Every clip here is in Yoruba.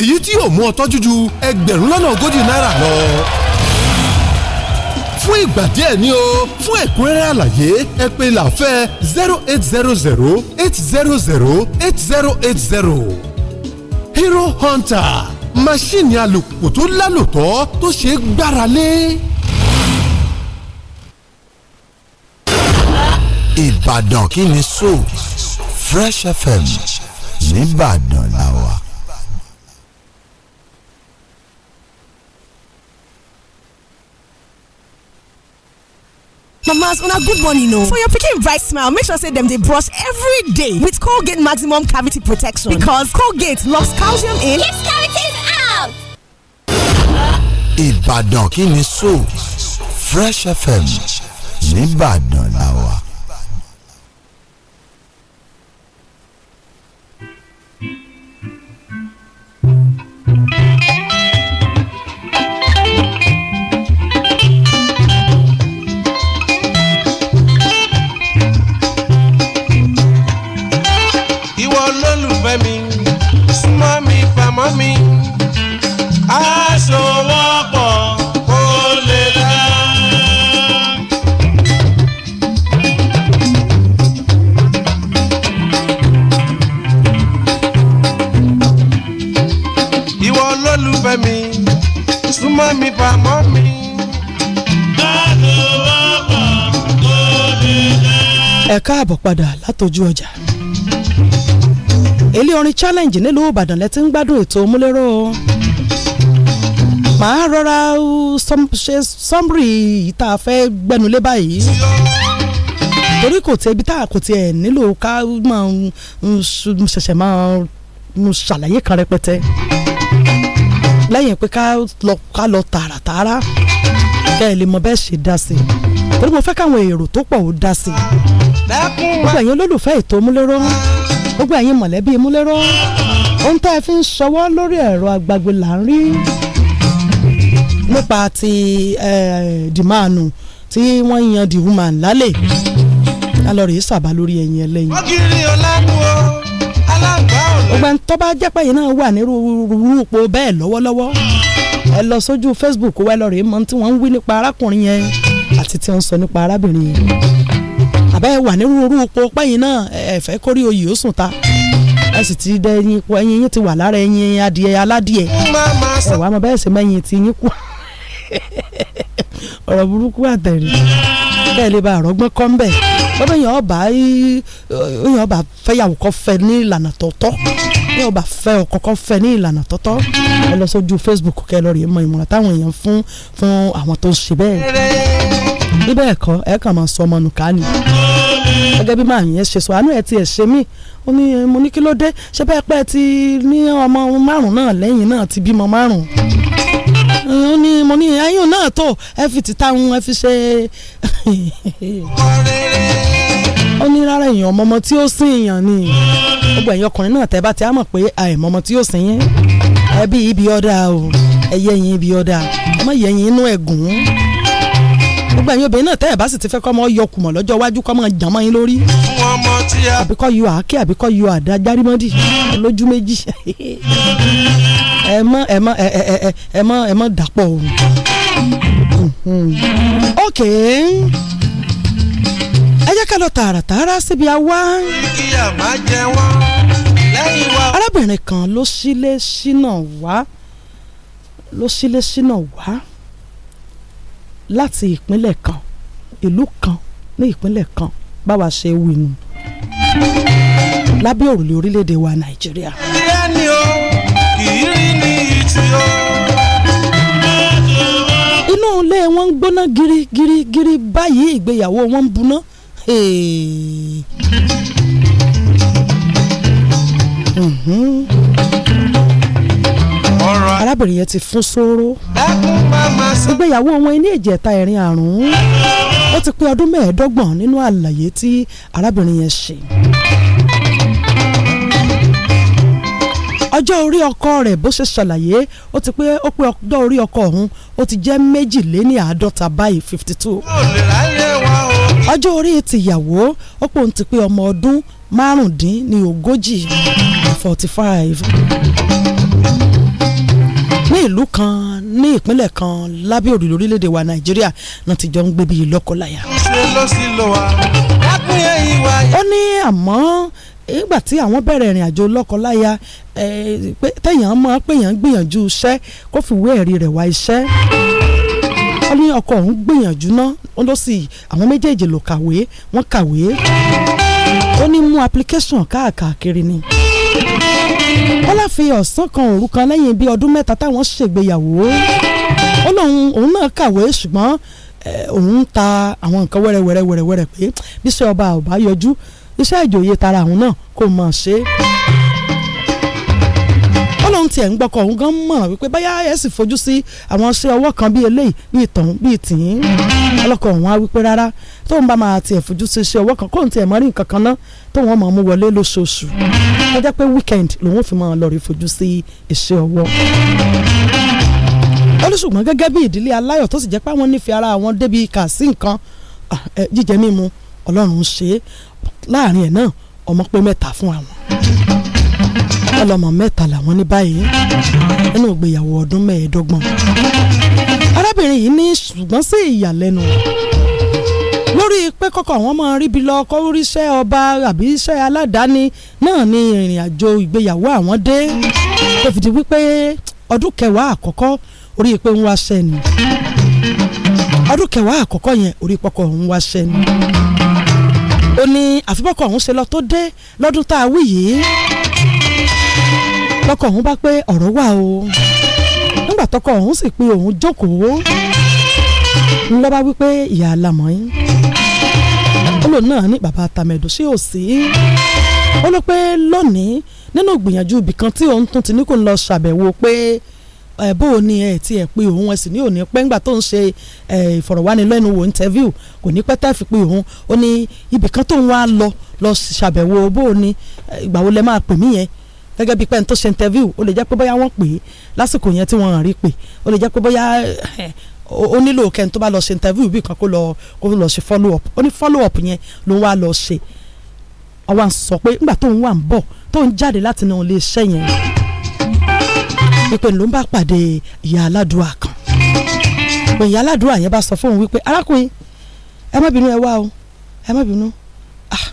èyí tí yóò mú ọtọ́ jújú ẹgbẹ̀rún lọ́nà ogójì náírà lọ fún ìgbà díẹ̀ ni o fún ẹ̀kúnrẹ́rẹ́ àlàyé ẹ pè làáfẹ́ zero eight zero zero eight zero zero eight zero eight zero Hero Hunter máṣíìnì alùpùpù tó lálòtọ́ tó ṣeé gbára lé. Ìbàdàn kí ni so, Fresh FM nìbàdàn làwà. Mamas, on a good one, you know. For your picking bright smile, make sure say them they brush every day with Colgate Maximum Cavity Protection because Colgate locks calcium in. Keeps cavities out. Ibadan kini so Fresh FM Nìbàdàn now. mọ́mí pa mọ́mí. dáàbò wọ́pọ̀ tó lè ẹ káàbọ̀ padà látọjú ọjà ilé orin challenge nílùú ìbàdàn lẹ́tí ń gbádùn ètò múlẹ́rọ́ màá rọra ṣe sọmbrì tá a fẹ́ gbẹnulé báyìí torí kò tẹ ibi tá a kò tiẹ̀ nílò ká máa ṣẹ̀ṣẹ̀ máa ṣàlàyé kan rẹpẹtẹ lẹ́yìn pé ká lọ tààràtààrà kẹ́ ẹ lè mọ bẹ́ẹ̀ ṣe dá sí i torí mo fẹ́ káwọn èrò tó pọ̀ ó dá sí i gbogbo ẹ̀yin olólùfẹ́ ètò múlẹ́rọ́ gbogbo ẹ̀yin mọ̀lẹ́bí múlẹ́rọ́ ohun tá a fi ń ṣọwọ́ lórí ẹ̀rọ agbagbe là ń rí nípa ti dìmáànù tí wọ́n yan the woman lálẹ́ alọ́ rèé sàbà lórí ẹ̀yìn ẹlẹ́yin ọgbà tó bá jẹ́ pẹ́yìn náà wà ní rúrúpọ̀ bẹ́ẹ̀ lọ́wọ́lọ́wọ́ ẹ lọ sójú Facebook wa lọ rèé mọ tí wọ́n ń wí nípa arákùnrin yẹn àti tí wọ́n ń sọ nípa arábìnrin yẹn àbẹ́ wà ní rúrúpọ̀ pẹ́yìn náà ẹ̀fẹ́ kórí oyè ó sùn ta ẹ sì ti dẹ ẹyin ikú ẹyin yín ti wà lára ẹyin adìẹ aládìẹ ẹ wàá mọ bẹ́ẹ̀ sì ti yín kú ọ̀rọ̀ burúkú àtẹ̀rí bẹ́ẹ̀ lè ba àrọ́gbọ́n kọ́ ńbẹ̀ bọ́bá èèyàn ọba èèyàn ọba fẹ́yàwó kọ́ fẹ́ ní ìlànà tọ́tọ́ èèyàn ọba fẹ́ ọkọ kọ́ fẹ́ ní ìlànà tọ́tọ́ ẹ lọ sójú Facebook kẹ́ lọ rí mọ ìmọ̀ràn táwọn èèyàn fún fún àwọn tó ń ṣe bẹ́ẹ̀ níbẹ̀ ẹ̀kọ́ ẹ kàn máa sọ ọmọ ni gẹ́gẹ́ bí màá yẹn ṣe sọ àánú ẹ̀ ṣe mí ó ní mo ní kí ló dé ṣé bẹ́ẹ̀ pẹ́ ti ní ọmọ márùn náà mo ní ẹyún náà tó ẹ fi títà ń ẹ fi ṣe. ó ní rárá èèyàn ọmọọmọ tí ó sìn èèyàn ni gbogbo ẹ̀yin ọkùnrin náà tẹ́ bá ti á mọ̀ pé àìmọ̀mọ̀ tí ó sìn yín ẹbí ibi ọ̀dà o ẹ̀yẹ yín ibi ọ̀dà ọmọ yẹ̀yìn inú ẹ̀gún gbogbo ẹ̀yin obìnrin náà tẹ́ ẹ̀ bá sì ti fẹ́ kọ́ mọ́ yọ kùmọ̀ lọ́jọ́ iwájú kọ́ mọ́ jàn mọ́ yín lórí. àbíkọ́ yọ àáké àbíkọ́ yọ àdá járímọ́dì lójú méjì ẹ mọ ẹ mọ ẹ mọ ẹ mọ dàpọ̀ òun. ok ẹ jẹ́ ká lọ tààràtààrà síbi àwa. arábìnrin kan ló sílé sínà wá ló sílé sínà wá láti ìpínlẹ̀ kan ìlú kan ní ìpínlẹ̀ kan báwa ṣe wí nu lábẹ́ òrùlé orílẹ̀-èdè wa nàìjíríà. ìyá ni o kì í rí ní ìtì o. inú ilé wọn ń gbóná girigirigiri báyìí ìgbéyàwó wọn ń buná. Mm-hmm. arábìnrin yẹn ti fún sóró ìgbéyàwó wọn ní ìjẹta ẹ̀rin àrùn ó ti pé ọdún mẹ́ẹ̀ẹ́dọ́gbọ̀n nínú àlàyé tí arábìnrin yẹn ṣe. ọjọ́ orí ọkọ rẹ̀ bó ṣe ṣàlàyé ó ti pé ó pé ọjọ́ orí ọkọ ọ̀hún ó ti jẹ́ méjìléní báyìí fifty two. ọjọ́ orí tìyàwó ó pò ń ti pé ọmọ ọdún márùndínlógójì forty five ní ìlú kan ní ìpínlẹ̀ kan lábẹ́ òrùlé orílẹ̀-èdè wa nàìjíríà náà ti jọ ń gbé bíi lọ́kọláya. ó ní àmọ́ nígbà tí àwọn bẹ̀rẹ̀ ìrìn àjò lọ́kọláya tẹ̀yàn mọ́ pé yàn gbìyànjú iṣẹ́ kó fi wé ẹ̀rí rẹ̀ wá iṣẹ́ ó ní ọkọ òun gbìyànjú náà ó lọ sí àwọn méjèèjì ló kàwé wọ́n kàwé ó ní mú application káàkiri ni ó láfihàn ọ̀sán kan òru kan lẹ́yìn bíi ọdún mẹ́ta táwọn ṣègbéyàwó ó lóun òun náà kàwé ṣùgbọ́n òun ta àwọn nǹkan wẹ́rẹ́wẹ́rẹ́ wẹ́rẹ́wẹ́rẹ́ pé bíṣẹ́ ọba ọba yọjú iṣẹ́ ìjòyè tara àwọn náà kò mọ̀ ṣe ọlọ́run tiẹ̀ ń gbọ́kọ̀ òun gan mọ̀ wípé báyà ẹ̀ sì fojú sí àwọn ṣé ọwọ́ kan bíi eléyìí bíi tọ̀hún bíi tìyín ọlọ́kọ̀ òun á wípé rárá tóun bá máa tiẹ̀ fojú sí ṣé ọwọ́ kan kóun tiẹ̀ mọ́ rí nǹkan kan ná tóun ọmọ mú wọlé lóṣooṣù ó jẹ́ pé weekend lòun fi máa lọ rí fojú sí iṣẹ́ ọwọ́ olùsùgbọ́n gẹ́gẹ́ bí ìdílé aláyọ̀ tó sì jẹ́ pé àwọn nífẹ̀ẹ́ ara àwọn débi kà sí nǹkan jíjẹ mímu ọlọ́run ṣe láàrin ẹ̀ náà ọmọ pé mẹ́ta fún àwọn ọlọ́mọ mẹ́ta làwọn ní báyìí nínú ìgbéyàwó ọdún mẹ́ẹ̀ẹ́dọ́gbọ̀n arábìnrin yìí ní ṣùgbọ́n sí ìyàlẹ́nu lórí pé kọ́kọ́ àwọn ọmọ ríbi lọ kọ́ ríṣẹ́ ọba àbí iṣẹ́ aládàáni náà ni ìrìn àjò ìgbéyàwó àwọn dé tó fìdí wípé ọdún kẹwàá àkọ́kọ́ orí pé ń wá sẹ́ni ọdún kẹwàá àkọ́kọ́ yẹn orí pọ́kọ̀ ń wá sẹ́ni ó ní àfipọ́kọ̀ ọ̀hún ṣe lọ tó dé lọ́dún tá a wí yìí lọ́kọ òun bá pé ọ̀rọ̀ wà o nígbà tọkọ òun sì pé òun jókòó ńlọ wípé ìyá alámọ̀yìn ó lò náà ní bàbá tamẹ̀dù sí òsì ó ló pé lónìí nínú ìgbìyànjú ibì kan tí òun tún ti ní kó ń lọ ṣàbẹ̀wò pé ẹ bó o ní ẹ tí ẹ pé òun ẹ sì ní òní pẹ́ ńgbà tó ń ṣe ìfọ̀rọ̀wánilẹ́nuwò interview kò ní pẹ́ fi pé òun ó ní ibì kan tó ń wá lọ lọ ṣàbẹ̀wò bó o ní ìgbà wo lẹ máa pè mí yẹn gẹ́gẹ́ bíi pẹ́ẹ́n tó ṣe interview ó lè jẹ́ pé bóyá wọ́n pè é lásìkò yẹn tí wọ́n rí pè ó lè jẹ́ pé bóyá eh, ó nílò kẹ́ni tó bá lọ ṣe interview bí kan kó lọ kó lọ ṣe follow up ó ní follow up yẹn ló wá lọ ṣe àwa ń sọ pé nígbà tóun wà ń bọ̀ tóun jáde láti inú ilé iṣẹ́ yẹn pípẹ́ ló ń bá pàdé ìyá aládùúrà kan pé ìyá aládùúrà yẹn bá sọ fóun wípé arákùnrin ẹ má bínú ẹ wá o ẹ má bínú ah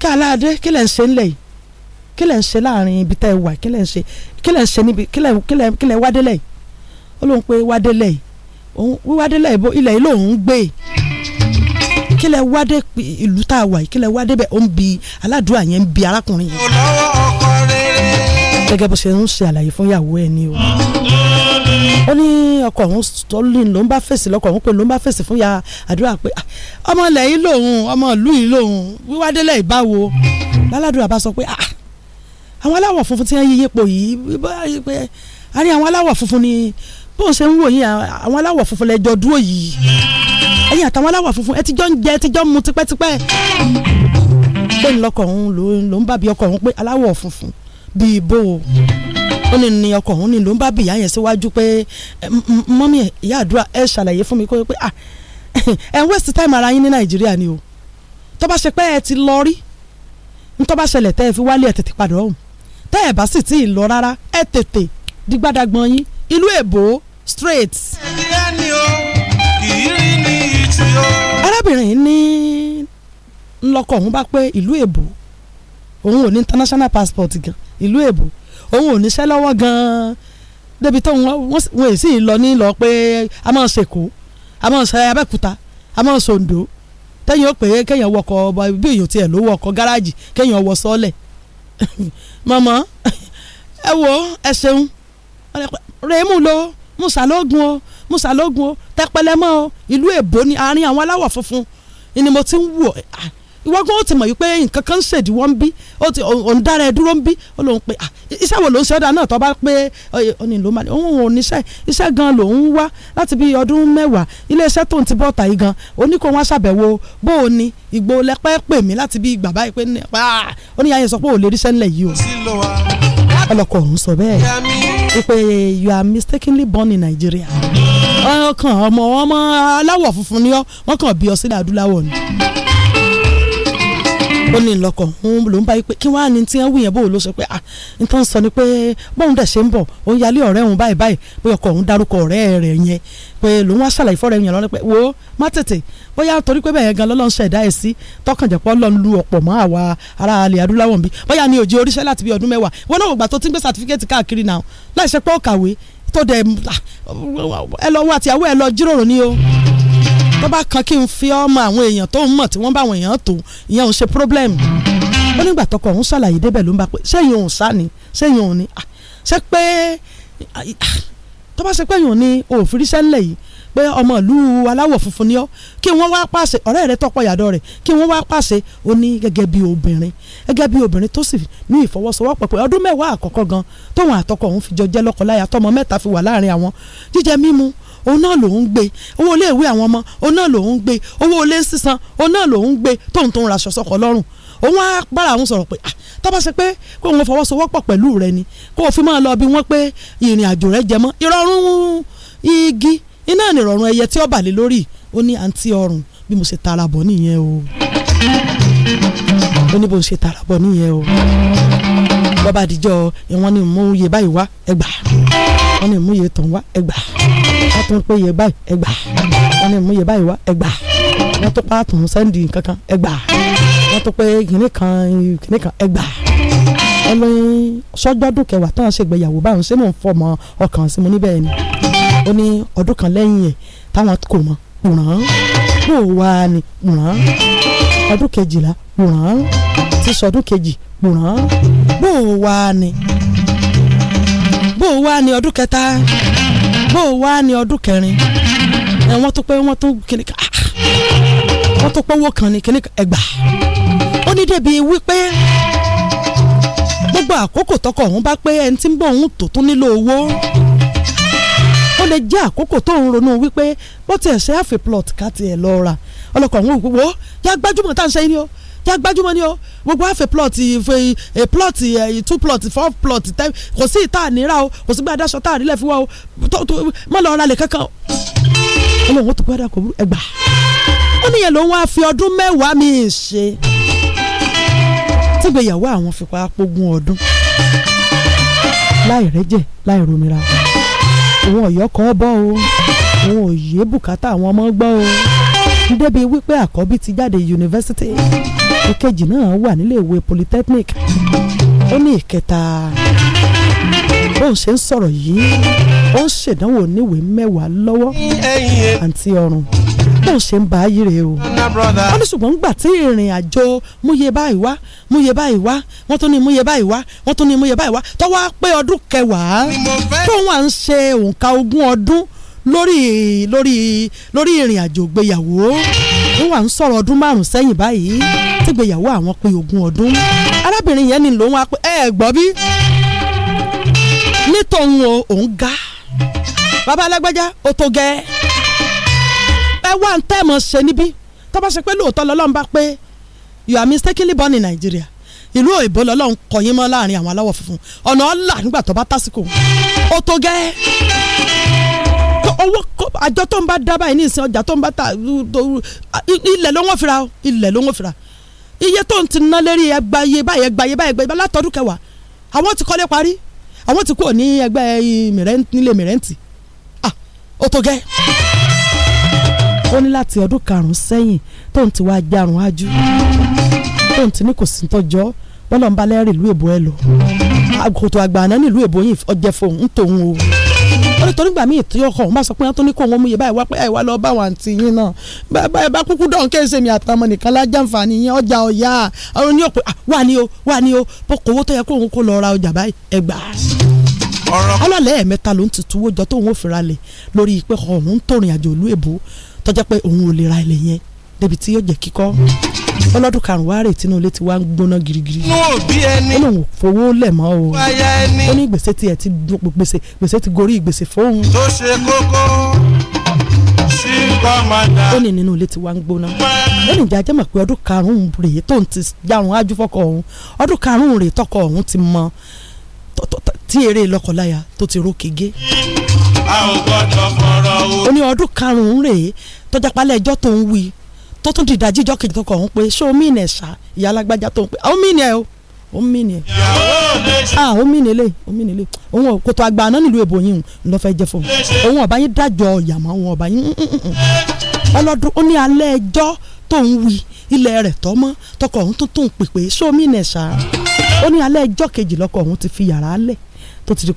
kí aláàdé kí lẹ̀ ń ṣe ńlẹ̀ yìí kí lẹ̀ ń ṣe láàrin ibi tẹ́ ẹ wà kí lẹ̀ ń ṣe kí lẹ̀ ń ṣe níbi kí lẹ̀ kí lẹ̀ kí lẹ̀ wádélẹ̀ yìí ó lóun pé wádélẹ̀ yìí òun wíwádélẹ̀ yìí ilẹ̀ yìí lòun ń gbé kí lẹ̀ wádé ìlú tá a wà kí lẹ̀ wádé bẹ́ẹ̀ ó ń bi aládùúrà yẹn ń bi arákùnrin yìí. gẹ́gẹ́ bó ṣe ń ṣe àlàyé fún ìyàwó ẹ ni o ó ní ọkọ òun tọ́lìn ló ń bá fèsì lọ́kọ òun pé ló ń bá fèsì fún ya àdúrà pé ah, ọmọ ilẹ̀ yìí lòun ọmọ ìlú yìí lòun wíwádélẹ̀ yìí báwo bá sọ pé ah àwọn aláwọ̀ funfun tí wọ́n yí yípo yìí a ní àwọn aláwọ̀ funfun ni bó ṣe ń wò yín àwọn aláwọ̀ funfun lẹ́jọ́ dúró yìí ẹ̀yin àtàwọn aláwọ̀ funfun ẹ ti jọ ń jẹ ẹ ti jọ ń mu tipẹ́tipẹ́ pé ńlọkọ̀ òun ló ń bá bí ọkọ̀ òun pé aláwọ̀ funfun bíi bó o ó ní ní ọkọ̀ òun ni ló ń bá bìyà yẹn síwájú pé mọ́mí ẹ̀ ìyá àdúrà ẹ ṣàlàyé fún mi kó pé ah ń waste time ara yín ní nàìjíríà ni o tó bá ṣe pé ẹ ti lọ rí ń tó bá ṣẹlẹ̀ tẹ́ ẹ fi wálé ẹ̀ tètè padà ọ̀hún tẹ́ ẹ̀ bá sì tí ì lọ rárá ẹ tètè di yín ìlú èbó straight. arábìnrin ní ńlọkọ òun bá pé ìlú èbó òun ò ní international passport gan ìlú èbó òun ò níṣẹ́ lọ́wọ́ gan-an débi tó wọn èsì lọ ní lọ pé a máa ṣèkó a máa ṣe abẹ́kúta a máa ṣòǹdó tẹ́yìn ó pè é kéèyàn wọkọ̀ bí èèyàn tiẹ̀ ló wọkọ̀ gáràjì kéèyàn wọ sọ́ọ̀lẹ̀ mọ̀mọ́ ẹ wo ẹ ṣeun rèémù lo musalógun o musalógun o tẹpẹlẹmọ o ìlú èbó ni àárín àwọn aláwọ̀ funfun ni mo ti ń wò ah, ìwọ gan ó ti mọ̀ yìí pé nǹkan kan ń ṣèdíwọ́ ń bí ó ti òun dára ẹ dúró ń bí ó lòun pé iṣẹ́ wo lòun ṣe ọ́dà náà tó bá pé ọ̀nì ló máa òun ò níṣẹ́ iṣẹ́ gan lòun ń wá láti bí ọdún mẹ́wàá iléeṣẹ́ tóun ti bọ́ọ̀tà yìí gan oníkó wọn ṣàbẹ̀wò bó o ní ìgbò lẹ́pẹ́ pè mí láti bí ìgbà báyìí pé ó sọ pé ò lè ríṣẹ́ ńlẹ̀ yìí o ọlọ́kọ̀ ọ̀hún sọ bẹ́ẹ̀ wípé you are mistakenly born in Nigeria ọkàn ọmọ ọmọ aláwọ̀ funfun ni ọ wọ́n kàn bí ọ sílẹ̀ adúláwọ̀ ni ó ní ìlọkọ̀ òun ló pé kí wọ́n ní tí wọ́n wù yẹn bó ló sọ pé ah n tó sọ ni pé bóun dẹ̀ ṣe ń bọ̀ òun yálé ọ̀rẹ́ òun báyìí báyìí pé ọkọ òun darúkọ ọ̀rẹ́ rẹ̀ yẹn pé lòun wá ṣàlàyé fọ́ọ̀rẹ́ yẹn lọ́nà pé wo má tètè bóyá torí pé bẹ́ẹ̀ gan lọ́lọ́ ń ṣẹ̀dá ẹ̀ sí tọkànjẹ̀pọ̀ lọ́n lu ọ̀pọ̀ mọ́ àwa ará alẹ́ adúláwọ̀ bí bóyá ni òjì oríṣẹ́ láti bí ọdún mẹ́wàá wọn náà gbà tó ti ń gbé sàtífíkẹ́tì káàkiri náà láì ṣe pé ó kàwé tó dẹ̀ ẹ lọ wá àtìyàwó ẹ lọ jíròrò ní o tó bá kan kí n fi ọmọ àwọn èèyàn tó ń mọ̀ tí wọ́n bá àwọn èèyàn tó ìyẹn ò ṣe problem ó nígbà tọkọ òun ṣàlàyé débẹ̀ ló ń bá pé sẹ́yìn òun sá ni sẹ́yìn òun ni ṣé pé ah, tó bá ṣe pé èèyàn ni òfìrísẹ́ ńlẹ̀ yìí pé ọmọ ìlú aláwọ̀ funfun ni ọ́ kí wọ́n wá pàṣẹ ọ̀rẹ́ rẹ tọpọ̀ yàdọ̀ rẹ̀ kí wọ́n wá pàṣẹ ó ní gẹ́gẹ́ bí obìnrin gẹ́gẹ́ bí obìnrin tó sì ní ìfọwọ́sowọ́pọ̀ pé ọdún mẹ́wàá àkọ́kọ́ gan tóun àtọkọ òun fi jọ jẹ́ lọ́kọláya tọmọ mẹ́ta fi wà láàrin àwọn jíjẹ mímu òun náà lòún gbé owó ilé ìwé àwọn ọmọ òun náà lòún gbé owó ilé sísan òun náà lòún gbé tóun tó ń raṣọ sọkọ lọ́rùn òun á bára àwọn sọ̀rọ̀ pé tó ṣe pé kó wọn fọwọ́sowọ́pọ̀ pẹ̀lú rẹ ni kó o fi máa lọ bí wọ́n pé ìrìn àjò rẹ jẹ mọ́ ìrọ̀rùn igi iná nìrọ̀rùn ẹyẹ tí ó bà lé lórí ó ní àǹtí ọrùn bí mo ṣe tara bọ̀ nìyẹn o ó ní bó ṣe tara bọ̀ nìyẹn o bọ́bá àdìjọ́ ìwọ́n ni mú iye báyìí wá ẹgbàá wọ́n ni mú iye tán wá ẹgbàá wọ́n tún pé iye báyìí ẹgbà wọ́n ní mú iye báyìí wá ẹgbà wọ́n tún pa àtún sẹ́ndì kankan ẹgbà wọ́n tún pé kìnnì kan kìnnì kan ẹgbà wọ́n ní sọ́jọ́dún kẹwàá tán ṣègbéyàwó báwọn ṣé mò ń fọmọ ọkàn sí mo níbẹ̀ ni ó ní ọdún kan lẹ́yìn ẹ̀ táwọn kò mọ̀ ràn bó wà ní ràn ọdún kejìlá ràn ti sọdún kejì ràn bó wà ní bó wà ní ọdún kẹta bó o wá ní ọdún kẹrin ẹ wọ́n tó pé wọ́n tó kíni ká ah, wọ́n tó pé wọ́n kàn ní kíni ẹgbà ó ní débi wípé gbogbo àkókò tọkọ òun bá pé ẹni tí ń bọ̀ òun tó tún nílò owó ó lè jẹ́ àkókò tó ń ronú wípé bó tiẹ̀ ṣe àfẹ́ plot ká tiẹ̀ lọ ra ọlọ́kọ̀ òun wò ó yá gbájúmọ̀ tá à ń ṣe é ní o já gbajúmọ̀ ni o gbogbo àfẹ́ plot a plot two plot four plot ten kò sí ìta àníra o kò sí gbé adáṣọ tá àrílẹ̀ fi wá o má lọ ra lè kankan ọlọ́run tó gbádà kò burú ẹgbà ó níyẹn ló ń wá fi ọdún mẹ́wàá mi ṣe tígbéyàwó àwọn fipá pógún ọdún láì rẹ́jẹ̀ láì romira òun ọ̀yọ́ kọ́ bọ́ o òun òye bùkátà àwọn ọmọ gbọ́ o débi wípé àkọ́bí ti jáde yunifásitì ìkejì náà wà nílé ìwé polytechnic ó ní ìkẹta bóun ṣe ń sọ̀rọ̀ yìí ó ń ṣèdánwò níwèé mẹ́wàá lọ́wọ́ àǹtí ọ̀run bóun ṣe ń bá ayé rèé o wọ́n ní ṣùgbọ́n nígbà tí ìrìn àjò múye báyìí wá múye báyìí wá wọ́n tún ní múye báyìí wá wọ́n tún ní múye báyìí wá tọ́wọ́ pé ọdún kẹwàá tóun à ń ṣe òǹkà ogún ọdún lórí lórí lórí ìrìn àjò ìgbéyàwó ó wà ń sọ̀rọ̀ ọdún márùn-ún sẹ́yìn báyìí tígbéyàwó àwọn pé ogún ọdún arábìnrin yẹn ni lòun á pé ẹ gbọ́ bí ní tòun o òun ga bàbá alágbájá ó tó gẹ́ ẹ wá ń tẹ́ mọ̀ ṣe níbí tó bá ṣe pé lóòótọ́ lọ́lọ́run bá pé you are mistakenly born in Nigeria ìlú òyìnbó lọ́lọ́run kọ̀yìn mọ́ láàrin àwọn aláwọ̀ funfun ọ̀nà ọ̀là nígbà tó bá tásìkò ó tó gẹ́ owó àjọ tó ń bá dábàá yìí ní ìsìn ọjà tó ń bá ta ilẹ̀ ló ń wọ́n fira ilẹ̀ ló ń wọ́n fira iye tó ń ti ná lérí ẹgbàáyé báyìí ẹgbàáyé báyìí ẹgbàáyé látọdún kẹwàá àwọn ti kọ́lé parí àwọn ti kú ní ẹgbẹ́ nílé mìrẹ́ǹtì ah ó tó gẹ́. ó ní láti ọdún karùn-ún sẹ́yìn tó ń ti wá jarun ájú tó ń ti ní kò sí tọ́jọ́ bọ́lọ̀ ń balẹ̀ rìn ìlú èbó ẹ lọ àgùntàn àgbà àná nílùú èbó yìí ọjẹ́ fóun ń tòun o ó ní torí gbà mí ìtúyọ̀ kọ̀ wọ́n bá sọ pé wọ́n tó ní kó wọ́n mú iye báyìí wá pé àìwá lọ bá wọn àǹtí yín náà báyìí bá kúkú dán kéèsè mi àtàwọn nìkan lájàǹfààní yẹn ọjà ọ̀yà àwọn oníyọ̀ pé wà ní o wà ní o bó kówó tó yẹ kó òun kó lọ ra ọjà báyìí ẹgbà. ọlọ́lẹ̀ ẹ̀mẹ́ta ló ń tutù wọ́jọ tó òun ò fira lẹ̀ lórí pé òun ń tòrìn àjò òlú èbó tó pé òun ò lè ra ilẹ̀ yẹn débi tí yóò jẹ́ kíkọ́ ọlọ́dún karùn-ún wá rè tínú ilé wá ń gbóná girigiri ó lóun ò fowó lẹ̀ mọ́ o ó ní gbèsè tiẹ̀ ti gbèsè gbèsè ti gorí gbèsè fóun. tó ṣe kókó sí kọ́mọ̀dà. ó ní nínú ilé ti wá ń gbóná ó ní ìjà jẹ́ mọ̀ pé ọdún karùn-ún rèé tóun ti jarun ájú fọ́kọ ọ̀hún ọdún karùn-ún rèé tọkọ ọ̀hún ti mọ tí eré lọ́kọláya tó ti ró kege. a ò gbọ́dọ̀ fọ̀rọ̀ o. ó ní ọdún karùn-ún rèé tọ́jà pálẹ̀ ẹjọ́ tó ń wí tó tún di ìdajì ìjọ kejì tó kọ̀ ọ̀hún pé ṣé omi ìnẹ̀ ṣá ìyá alágbájá tó ń pè omi ìnẹ̀ o omi ìnẹ̀ ah omi ìnẹ̀ lè omi ìnẹ̀ lè òun ò kòtò àgbà àná nílùú èbò yìí ló fẹ́ jẹ́ fún òun ọ̀bá yín dájọ́ ìyàmọ́ òun ọ̀bá yín mm, mm, mm, ọlọ́dún ó ní alẹ́ ẹjọ́ tó ń wí ilẹ̀ rẹ̀ tọ́ mọ́ tọkọ ọ̀hún tó tó ń pèpè ṣé omi ìnẹ̀ ṣá ó ní alẹ́ ẹjọ́ kejì lọ́kọ ọ̀hún fi yàrá lẹ̀ tó ti di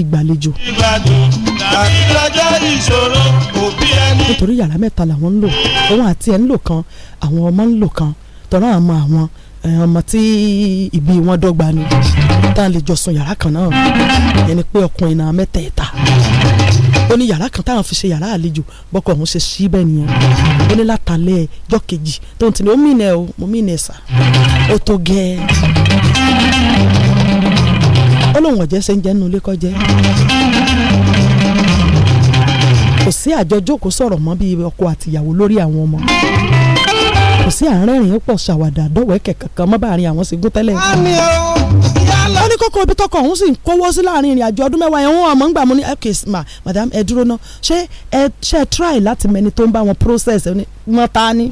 ìgbàlejò. ìbàdàn tàbí lọ́jọ́ ìṣòro òbí ẹni. nítorí yàrá mẹ́ta làwọn ń lò òun àti ẹ̀ ń lò kan àwọn ọmọ ń lò kan tọ́ra àmọ́ àwọn ọmọ tí ìbí wọn dọ́gba ni tá a lè jọ sùn yàrá kan náà yẹn ni pé ọkùnrin náà mẹ́tẹ̀ẹ̀ta ó ní yàrá kan táwọn fi ṣe yàrá àlejò bọ́kọ̀ ọ̀hún ṣe sí bẹ́ẹ̀ nìyẹn ó ní látàlẹ́ ẹjọ́ kejì tó ń tini ó mìnà ẹ̀ o mo mìnà ẹ̀ sà ó tó gẹ́ẹ́ ó lóun ọ̀jẹ́ ṣe ń jẹ́ nínú ilé kọ́jẹ́ kò sí àjọjókòó sọ̀rọ̀ mọ́ bíi ọkọ àtìyàwó lórí àwọn ọmọ. kò sí pọ̀ ṣàwàdà kankan mọ́ báàrin àwọn sì gún tẹ́lẹ̀. ó ní kókó ibi tọkọ òun sì ń kówó sí láàrin ìrìn àjò ọdún mẹ́wàá ẹ̀hún ọmọ ńgbà mo ní kowo si laarin irin ajo odun mewaa ni ma madam ẹ dúró ná ṣé ẹ ṣe try láti mẹni tó ń bá wọn process wọn ta ni.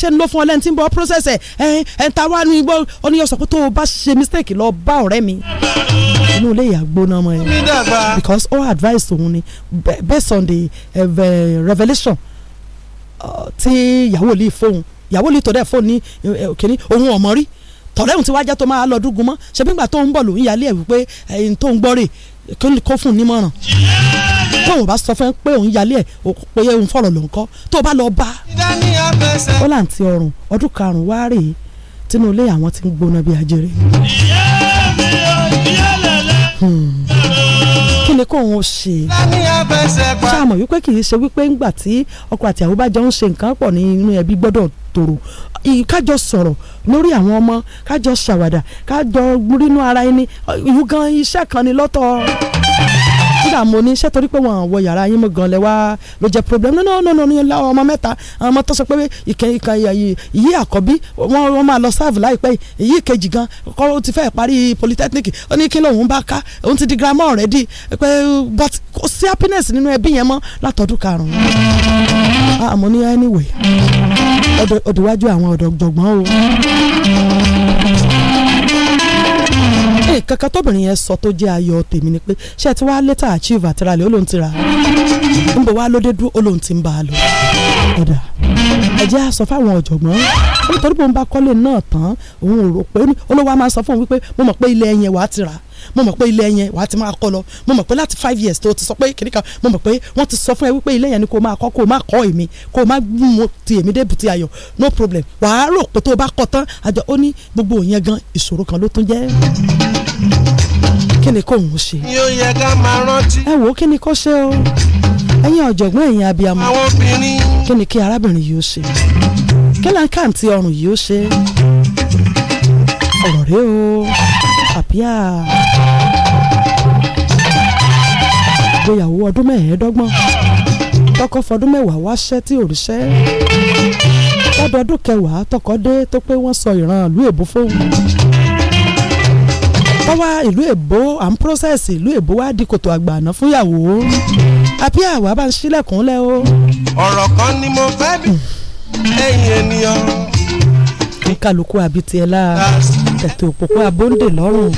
tí ń bọ́ process ẹ ẹ ẹ ta wá ní igbó ó ní ọ̀sán pé tó o bá e e e ta wa igbo o ni osan pe to o ba se mistake lọ bá ọ̀rẹ́ mi inú ilé because all advice òun ni based on the uh, revelation tí ìyàwó lè fóun ìyàwó lè tọ́lẹ̀ fóun ní kínní òun ọ̀mọ́ rí tọ̀rẹ́ òun ti wájá tó máa lọ dúgun mọ́ ṣe bí gbà tó ń bọ̀ lòun yálé ẹ̀ wípé ẹ̀yìn tó ń gbọ́ rè kó fún un nímọ̀ràn tóun bá sọ fún ẹ pé òun yálé ẹ̀ pé òun fọ̀rọ̀ ló ń kọ́ tó bá lọ bá ó là ń ti ọrùn ọdún karùn-ún wá rèé tínú ilé àwọn ti ń gbóná bí ajere. ìyá mi ò ní ẹlẹ́lẹ́ ni kóun ó ṣe. ṣáàmù wípé kì í ṣe wípé ńgbà tí ọkọ àti àwọn bá jọ ń ṣe nǹkan pọ̀ ní inú ẹbí gbọ́dọ̀ tòrò kájọ sọ̀rọ̀ lórí àwọn ọmọ kájọ ṣàwàdà kájọ rínú ara ẹni ìyú gan iṣẹ́ kan ni lọ́tọ̀ kódà mo ní ṣé torí pé wọn àwọ yàrá yín mọ gan lẹ wá ló jẹ problem no no no no ní láwọn ọmọ mẹ́ta àwọn ọmọ tó sọ pé ìkẹ ìkẹ ìyí àkọ́bí wọn wọn máa lọ sáàfù láìpẹ́ ìyí kejì gan kọ́ ó ti fẹ́ parí polytechnic ó ní kí lóun bá ká òun ti di grammar already pé but kò sí happiness nínú ẹbí yẹn mọ́ látọdún karùn-ún àmọ́ ah, ní anyway ọdọ̀ ọdọ̀ àwọn ọ̀dọ́ gbọ̀ngbọ̀n o. Eh, kankan tóbìnrin yẹn sọ tó jẹ́ ayọ̀ tèmi ni pé ṣé ẹ ti wá létà achieve àtìralẹ̀ olóhùn ti ra ń bọ̀ wá lóde dúró olóhùn ti ń bá a lọ. ọ̀dà ẹ̀jẹ̀ á sọ fáwọn ọ̀jọ̀gbọ́n ó pé òun bá kọ́lé náà tán òun rò pé olówó a máa sọ fún òun wípé mo mọ̀ pé ilé ẹ̀yẹn wàá ti rà mo mọ̀ pé ilé yẹn wàá ti máa kọ́ lọ mo mọ̀ pé láti five years tó ti sọ pé kìnìkà mo mọ̀ pé wọ́n ti sọ fún ẹ wípé ilé yẹn ni kò máa kọ́ kò máa kọ́ èmi kò máa mú ti èmi dé bùtì ayọ̀ no problem wàá rò pé tó o bá kọ́ tán àjọ ó ní gbogbo òyìn gan ìṣòro kan ló tún jẹ́ kí kò ń ṣe. ẹ wo kí ni kò ṣe o ẹ̀yin ọ̀jọ̀gbọ́n ẹ̀yin abiyamọ kí kí arábìnrin yìí ó ṣe kí ni àkáǹtì ọrùn yìí ó ṣe ọ̀rọ̀ rẹ o àbíà ìgbéyàwó ọdún mẹ́ẹ̀ẹ́dọ́gbọ̀n tọkọ fọdún mẹ́wàá wáṣẹ́ tí ò ríṣẹ́ lọ́dọ̀ ọdún kẹwàá tọkọ dé tó pé wọ́n sọ ìran ìlú èbó fóun tọ́wá ìlú èbó à ń prọ́sẹ̀sì ìlú èbó wá di kòtò àgbààná fúnyàwó àbíà àwa bá ń ṣílẹ̀kùn lẹ́ o. ọ̀rọ̀ kan ni mo fẹ́ bí hmm. ẹ̀yin ènìyàn. ní kálukú àbí tiẹ̀ láà tètè òpópó abóńdè lọ́rùn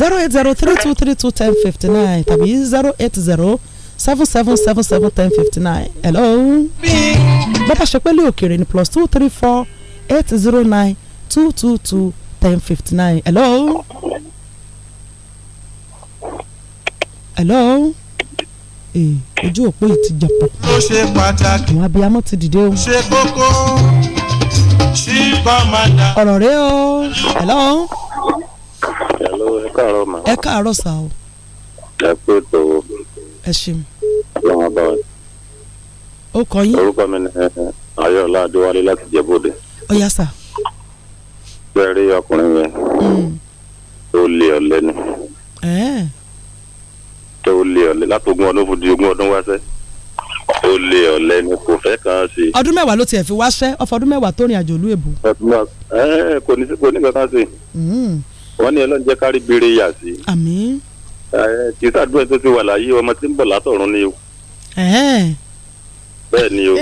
zero eight zero three two three two ten fifty nine tàbí zero eight zero seven seven seven seven ten fifty nine hello bàbá ṣẹpẹ́lẹ́ òkèèrè ní plus two three four eight zero nine two two two ten fifty nine hello. hello eh, ojú òpó yìí ti jà pọ̀. ó ṣe pàtàkì. àwọn abiyamọ ti dìde o. ṣe kókó ọ̀rọ̀ rẹ o hello. hello ẹ káàárọ̀ mà. ẹ káàárọ̀ sà o. ẹ pé tó. ẹ ṣeun. ọlọ́mọ bá wa. ó kọ yín. orúkọ mi ni eh, eh, ayọ̀lá adéwálé láti jẹ́bọ̀dé. ó yá sà. bẹ́ẹ̀ rí ọkùnrin yẹn. ó lé ọ̀lẹ́ ni. tó lé ọ̀lẹ́ eh. látogún ọdún fún di ogún ọdún wáṣẹ́ ó lé ọ̀lẹ́ ni kò fẹ́ kàn án ṣe. ọdún mẹ́wàá ló tiẹ̀ fi wá ṣẹ́ ọ̀fọ̀ ọdún mẹ́wàá tó rìn àjò ìlú èbó. kò ní kò ní kankan ṣe. Hmm. wọ́n ní ọlọ́run jẹ́ kárí bèrè yà sí. àmín. kì í sàdúrà tó ti wà láyé ọmọ tí ń bọ̀ látọ̀run ni o. bẹ́ẹ̀ ni o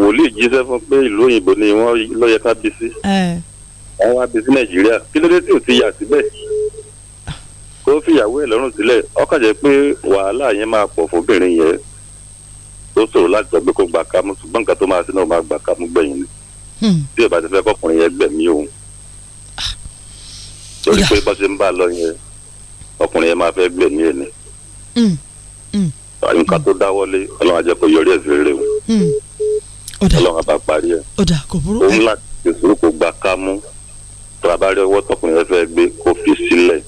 wòlíì jíṣẹ́ fún pé ìlú òyìnbó ni wọ́n ló yẹ ká bí sí. wọ́n wá bí sí nàìjíríà kí ló dé tí ò ti yà síbẹ̀ ah. kó fìyàwó ẹ̀ lọ́rùn sílẹ̀ ọkàn jẹ́ pé wàhálà yẹn máa pọ̀ fóbìnrin yẹn tó ṣòro láti sọ pé kó gbà kámú ṣùgbọ́n nǹkan tó máa ṣe náà máa gbà kámú gbẹ̀yìn ni hmm. bí ò bá ti fẹ́ kọkùnrin yẹn gbẹ̀mí òun ah. torí pé bó ṣe ń bá a lọ yẹn ọkùnrin yẹn máa fẹ́ gbẹ̀mí ẹ̀ ni hmm. Hmm. nǹkan tó dáwọ́lé ọlọ́run ajẹ́ kó yọrí ẹ̀sìn rere o ọlọ́run àbá parí ẹ̀ òun láti ṣe sùúrù kó gbà kámú tó a bá rí ọwọ́ tọkùnrin yẹn fẹ́ gbé kó fi sílẹ̀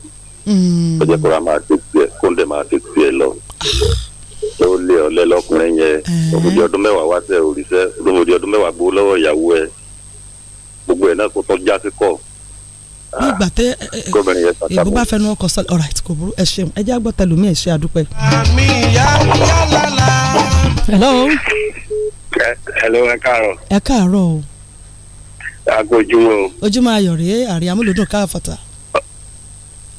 ó tó lé ọ̀lẹ lọkùnrin yẹn òfòdì ọdún mẹ́wàá wá sẹ́ òrìṣẹ́ òfòdì ọdún mẹ́wàá gbowó lọ́wọ́ ìyàwó ẹ gbogbo ẹ̀ náà kó tọ́ já sí kọ́. nígbà tẹ ìbú bá fẹnu ọkọ sọlẹ ọ̀rọ̀ àti kò burú ẹ ṣeun ẹ jẹ́ àgbọ̀ tẹlumi ẹ ṣe àdúpẹ́. hello. hello ẹ káàárọ̀. ẹ káàárọ̀ o. aago ojúmọ́ o. ojúmọ́ ayọ̀ rèé àríyá múlòdùn káàfàtà.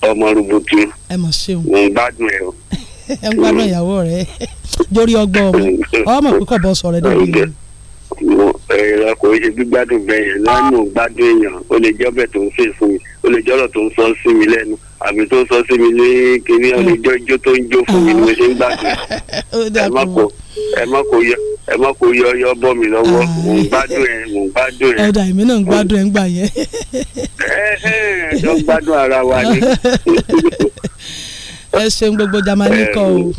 ọmọ rúbùtù. ẹ mọ̀ ṣeun. mo ń gbádùn ẹ o. ẹ ń gbádùn ìyàwó rẹ jórí ọgbọ ọmọ ọmọ pé ṣe gbígbádùn yẹn lánàá gbádùn èèyàn lè mi lè tó ń sọ sí mi lẹ́nu àbí tó ń sọ sí mi ní kíní mi ni mo ṣe ń gbádùn yọ mi lọwọ mò ń gbádùn ẹ mò ń gbádùn ẹ. ọ̀dà náà ń gbádùn ni. ẹ ṣeun gbogbo jamani kọ o.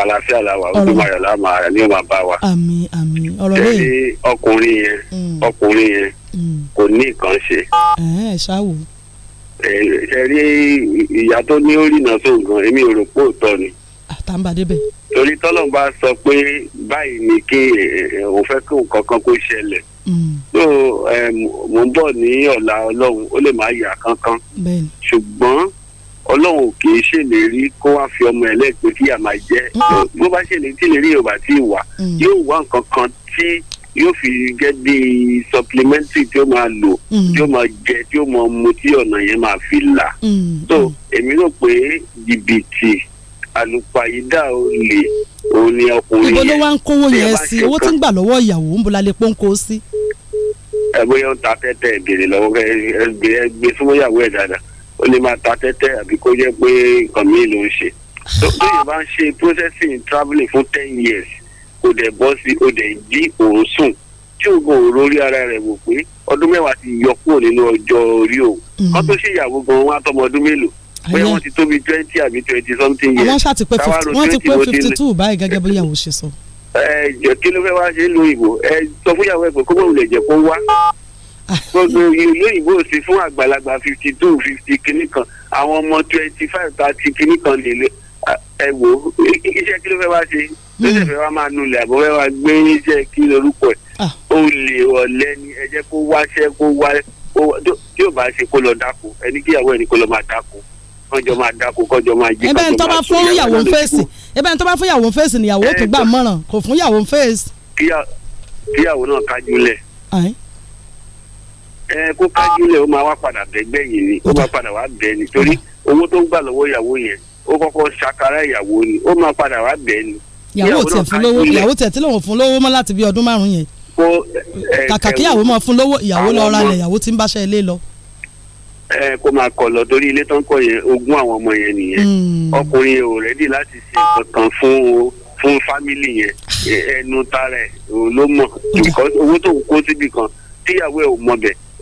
àlàáfíà la wà ojú mayọ̀ la máa rẹ̀ ní ìwà bá wa. àmín Ami, ọ̀rọ̀ lóye. tẹ̀lé ọkùnrin yẹn mm. ọkùnrin yẹn mm. kò ní nǹkan ṣe. ẹ ṣáwò. ẹ rí ìyá tó ní orí náà tó nǹkan èmi ò rò pé òótọ́ ni. àtàǹbàdé bẹ̀. torí tọ́lọ́n bá sọ pé báyìí ni kí òun fẹ́ kí nǹkan kan kó ṣẹlẹ̀ mm. so mo ń bọ̀ ní ọ̀la ọlọ́run ó lè má yà kankan ṣùgbọ́n ọlọ́run ò kì í ṣèlérí kó wá fi ọmọ ẹlẹ́gbẹ́ tí a máa jẹ́ bó bá ṣèlérí tí lérí yorùbá tí ì wà yóò wá nǹkan kan tí yóò fi gẹ́ bí supplementary tí ó máa lò tí ó máa jẹ tí ó máa mu tí ọ̀nà yẹn máa fi là so èmi rò pé jìbìtì àlùpàyídà olè òun ni ọkùnrin yẹn. ibo ló wá ń kówó yẹn sí owó tí ń gbà lọ́wọ́ ìyàwó ń bola lè pọ́nkó sí. ẹ bóyá ń ta tẹ́tẹ́ ìbèrè lọ́wọ́ ẹ gbé fún ìyàwó ẹ̀ dáadáa lè máa ta tẹ́tẹ́ àbí kó jẹ́ pé nǹkan míì ló ń ṣe tó ah. yóò bá ń ṣe processing travelling fún ten years kò dẹ̀ bọ́ sí o dẹ̀ jí òun sùn tí oògùn òru orí ara rẹ̀ wò pé ọdún mẹ́wàá ti yọ kúrò nínú ọjọ́ orí o kó mm-hmm. tó ṣe ìyàwó gan wọn àtọmọ ọdún mélòó pé wọ́n ti tó twenty àbí twenty something years. àwọn ṣáà wọ́n ti pé fifty two báyìí gẹ́gẹ́ bí ìyàwó ṣe sọ. ẹ jẹ́ kí ló fẹ́ wá ṣe é lu ìbò ẹ sọ fún ìyàwó ẹ pé kókó òun lè jẹ́ kó wá gbogbo ìlú òyìnbó sí fún àgbàlagbà fifty two fifty kìíní kan àwọn ọmọ twenty five thirty kìíní kan lè lè ẹ wò ó iṣẹ́ kí ló fẹ́ wá ṣe hmm. lọ́sẹ̀ fẹ́ wá máa nulẹ̀ àbọ̀ fẹ́ wá gbé iṣẹ́ kí lorúkọ ẹ̀ ó ah. lè ọ̀lẹ́ ni ẹ jẹ́ kó wáṣẹ́ kó wá tí ò bá ṣe kó lọ dáko ẹni kíyàwó ẹni kó lọ máa dáko kọjọ máa dáko kọjọ máa jí kọjọ máa tó ẹbẹ ń tọ́ bá fún yàwó ń fèsì ẹbẹ ń tọ́ bá fún yàwó ń fèsì nìyàwó tó gbà mọ́ràn kò fún yàwó ń fèsì. kíyàwó náà kájú lẹ̀ ẹ kó kájúlẹ̀ ó máa wá padà bẹ́gbẹ́ yìí ni ó máa padà wá bẹ́ẹ̀ ni torí owó tó ń gbà lọ́wọ́ ìyàwó yẹn ó kọ́kọ́ ṣàkárá ìyàwó ni ó máa padà wá bẹ́ẹ̀ ni. ìyàwó tẹ̀ fún lówó ìyàwó tẹ̀ tí lòun fún lówó mọ́ láti bí ọdún márùn-ún yẹn. kàkà kí ìyàwó máa fún lówó ìyàwó lọ ra lẹ̀ ìyàwó tí ń báṣẹ́ ilé lọ. ẹ kó máa kọ lọ torí ilé tó ń kọ yẹn ogún àwọn ọmọ yẹn nìyẹn hmm. ọkùnrin ò rẹ́dí láti ṣe kankan fún fún fámìlì yẹn ẹnu tààrẹ ló mọ̀ owó tó kó síbì kan tíyàwó ẹ̀ ò mọ̀ bẹ́ẹ̀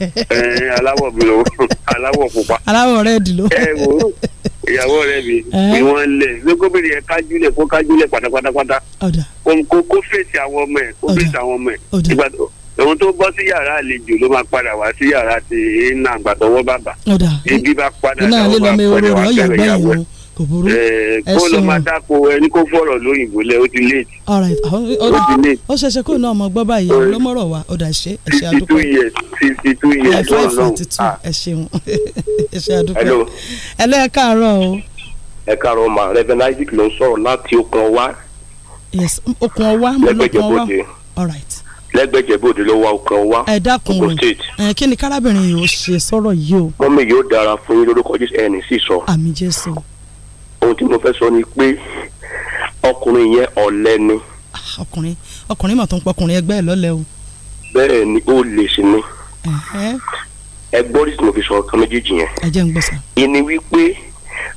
Eh, aláwọ̀ mi lọ aláwọ̀ pupa. aláwọ̀ rẹ̀ dì ló. ẹ eh, wo ìyàwó rẹ̀ mi eh? ni wọ́n lẹ̀ ní gómìnà yẹn kájúlẹ̀ kó kájúlẹ̀ pátápátápátá kó kó fèsì àwọn ọmọ ẹ̀ kó fèsì àwọn ọmọ ẹ̀ ìgbà tó òun tó bọ́ sí yàrá àlejò ló máa padà wá sí yàrá ti iná àgbàdọ́wọ́ bàbà ibi bá padà lọ́wọ́ bá padà wá fẹ́rẹ̀ yàwó ẹ̀ kò burú ẹ ṣeun kó lọ máa dáko ẹni kó fọ̀rọ̀ lóyìnbó lẹ ó ti late. ó ṣẹ̀ṣẹ̀ kó náà mọ gbọ́ báyìí ló mọ̀rọ̀ wa ó dà ṣe ẹ ṣe àdúpẹ́. fifty two years fifty two years lọ́nà náà fifty two ah. ẹ ṣeun ẹ ṣe àdúpẹ́. ẹlẹ́ẹ̀kaàrọ̀ o. ẹ káàárọ̀ ma Reverend Isaac ló ń sọ̀rọ̀ láti okun ọwá. yes okun ọwá mo lókun ọwá all right lẹgbẹjẹbọdẹ ló wá ọkàn wá. ẹ dákun o ẹ kí ni kárábìnrin yìí ó ṣe sọ̀rọ̀ yìí o. mọ́mí yóò dára fún yín lórúkọ jésù ẹni sísọ. àmín jésù ohun tí mo fẹ́ sọ ni pé ọkùnrin yẹn ọ̀lẹ ni. Ah, ọkùnrin ọkùnrin mà tó ń pọkùnrin ẹgbẹ́ ẹ̀ lọ́lẹ̀ o. bẹ́ẹ̀ ni ó lè sí ni. ẹ gbọ́ rí tí mo fi sọ ọkàn méjèèjì yẹn. ẹ jẹ́ ń gbọ́ sọ. ìní wípé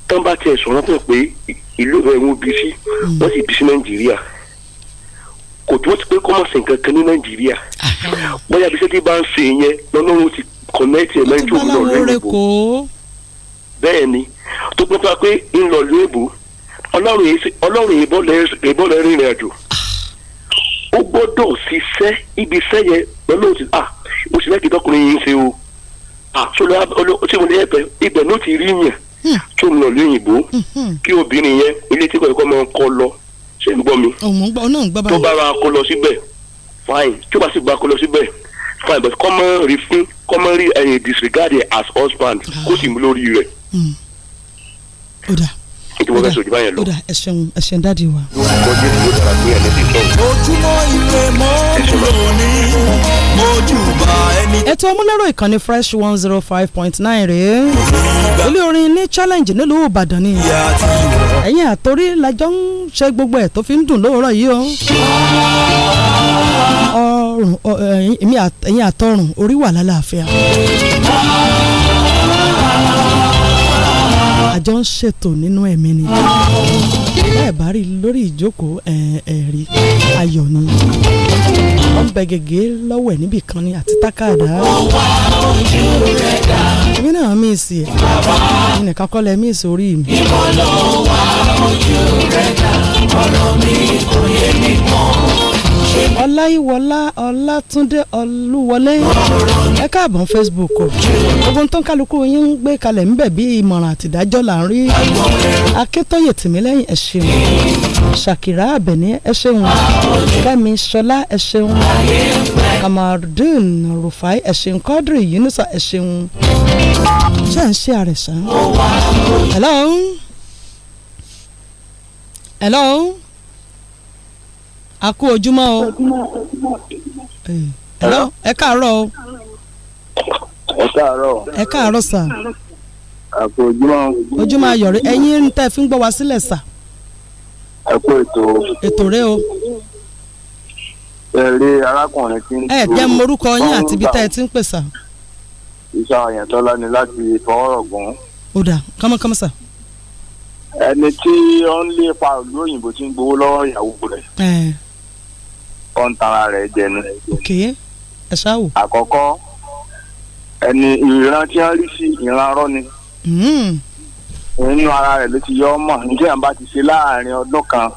tán bá tiẹ̀ sọ̀rọ̀ fún pé ìlú rẹ̀ ń bí sí hmm. wọ́n sì bí sí nàìjíríà kò tí wọ́n ti pé kọ́mọ̀sì nǹkan kan ní nàìjíríà bóyá bí sẹ́tì bá ń ṣe yẹn lọ́nà ó ti kọ̀nẹ́ẹ̀tì ẹ̀ bẹ́ẹ̀ ni tó pẹ́ tó pé ń lọ lu èbó ọlọ́run èbó lẹ́ rìnrìn àjò ó gbọ́dọ̀ ṣiṣẹ́ ibi iṣẹ́ yẹn pẹ̀lú òtí à mo ṣiṣẹ́ kí tọkùnrin yìí ń ṣe o àtúnlọ tí ní ẹ̀bẹ̀ ibẹ̀ ló ti rí yàn tó ń lọ lu òyìnbó hmm. kí obìnrin yẹn ilé tí kọ̀ọ̀kan máa ń kọ́ lọ ṣe ń gbọ́ mi tó bá ra kó lọ síbẹ̀ fine tó bá sì bá kó lọ síbẹ̀ fine but kọ́mọ́ rí fún kọ́mọ́ rí eh, disregard as husband ah. kó sì mú lórí rẹ̀ ó dà kí wọ́n fẹ́ sojú báyẹn wa. lórúkọ jésù ló dára mojú bá ẹni. ètò ọmúlẹ́rọ̀ ìkànnì fresh one zero five point nine rèé ilé orin ní challenge nílùú ìbàdàn ni ẹ̀yìn àtòrí lajọ́ ń ṣe gbogbo ẹ̀ tó fi ń dùn lóòrọ̀ yìí o ọrùn ẹ̀yìn àtọrùn orí wà lálàáfíà àjọ ń ṣètò nínú ẹ̀mí ni bẹ́ẹ̀ bá rí lórí ìjókòó ẹ̀rí ayọ̀ ni wọ́n bẹ gègé lọ́wọ́ ẹ̀ níbì kan ni àti tákàdá. èmi náà mí ìsì ẹ̀ mi nìkan kọ́ lẹ mí ìsì orí mi. ìmọ̀ ló wá ojú rẹ̀ dá ọ̀rọ̀ mi kò mi mọ́ ọláyíwọlá ọlátúndé olúwọlé ẹ káàbọ̀ facebook o tó ń kálukú yín ń gbé kalẹ̀ ńbẹ̀ bí ìmọ̀ràn àtìdájọ́ là ń rí akíntóyè tìmílẹ́yìn ẹ ṣeun ṣàkìrá àbẹ̀ní ẹ ṣeun kẹ́mi ṣọlá ẹ ṣeun kamarudin rufai ẹ ṣeun kọ́dírì yunusa ẹ ṣeun ṣé ń ṣe àrẹ̀ṣà hello hello a kú ojúmọ́ o. hello ẹ káàárọ̀ o. ẹ káàárọ̀. ẹ káàárọ̀ sà. a kú ojúmọ́. ojúmọ́ ayọ̀rẹ́ ẹ̀yin ń tẹ́ fi ń gbọ́ wa sílẹ̀ sà. ẹ kú ètò. ètò rẹ o. ẹ rí arákùnrin tí ń tu. ẹ jẹ́ morúkọ yín àti ibi tá ẹ ti ń pè sà. iṣẹ́ àyàntọ́lá ni láti fọwọ́rọ̀gùn. ó dà kámọ́kámọ́ sà ẹni tí ó ń lépa ìlú òyìnbó tí ń gbowó lọ́wọ́ ìyàwó rẹ̀ ó ń tara rẹ̀ jẹ ok ẹ ṣá wò. àkọ́kọ́ ẹni ìran tí wọ́n rí sí ìran rọ́ ni. Hmm. nínú ara rẹ̀ ló ti yọ ọ́ mọ̀ nígbà yẹn bá ti ṣe láàrin ọdún kan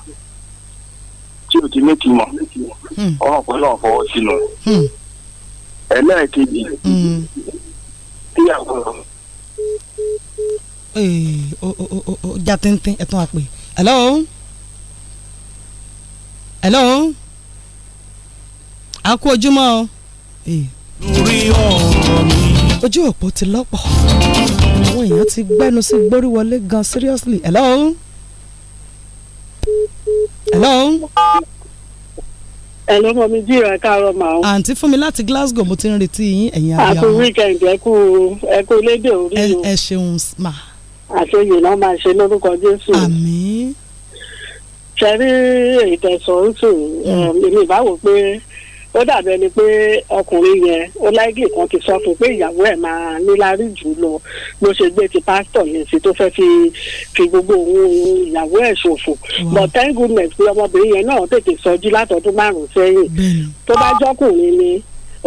tí hmm. hmm. o ti méjì mọ̀ ọ̀ràn pẹ̀lú ọ̀fọwọ́ sínú. ẹlẹ́ẹ̀kejì tíyàwó. ja tíntín ẹ̀ tún wá pè. hello. hello a kú ojúmọ́ o. lórí ọ̀rọ̀ mi. ojú òpó ti lọ́pọ̀ àwọn èèyàn ti gbẹ́nu sí gbóríwọlé gan seriously hello. hello. Hello mọ mi jíra káàárọ̀ màá. àǹtí fún mi láti Glasgow mo ti ń retí yín ẹ̀yin àbí àwọn. àkú weekend ẹ kú ẹ kú lédè orí o. ẹ ṣeun ma. àṣeyè náà máa ṣe lórúkọ Jésù. àmín. ṣe rí èyí tẹ̀sán ń sùn hmm. um, èmi ìbáwò pé ó dàbẹ̀ ni pé ọkùnrin yẹn ó láìgì kan ti sọ fún pé ìyàwó ẹ̀ máa níláárí jù lọ ló ṣe gbé ti pásítọ̀ yẹn sí tó fẹ́ fi fi gbogbo òun ìyàwó ẹ̀ ṣòfò but thank goodness pé ọmọbìnrin yẹn náà tètè sọjú látọdún márùn-ún sẹ́yìn tó bá jọ́kùnrin ni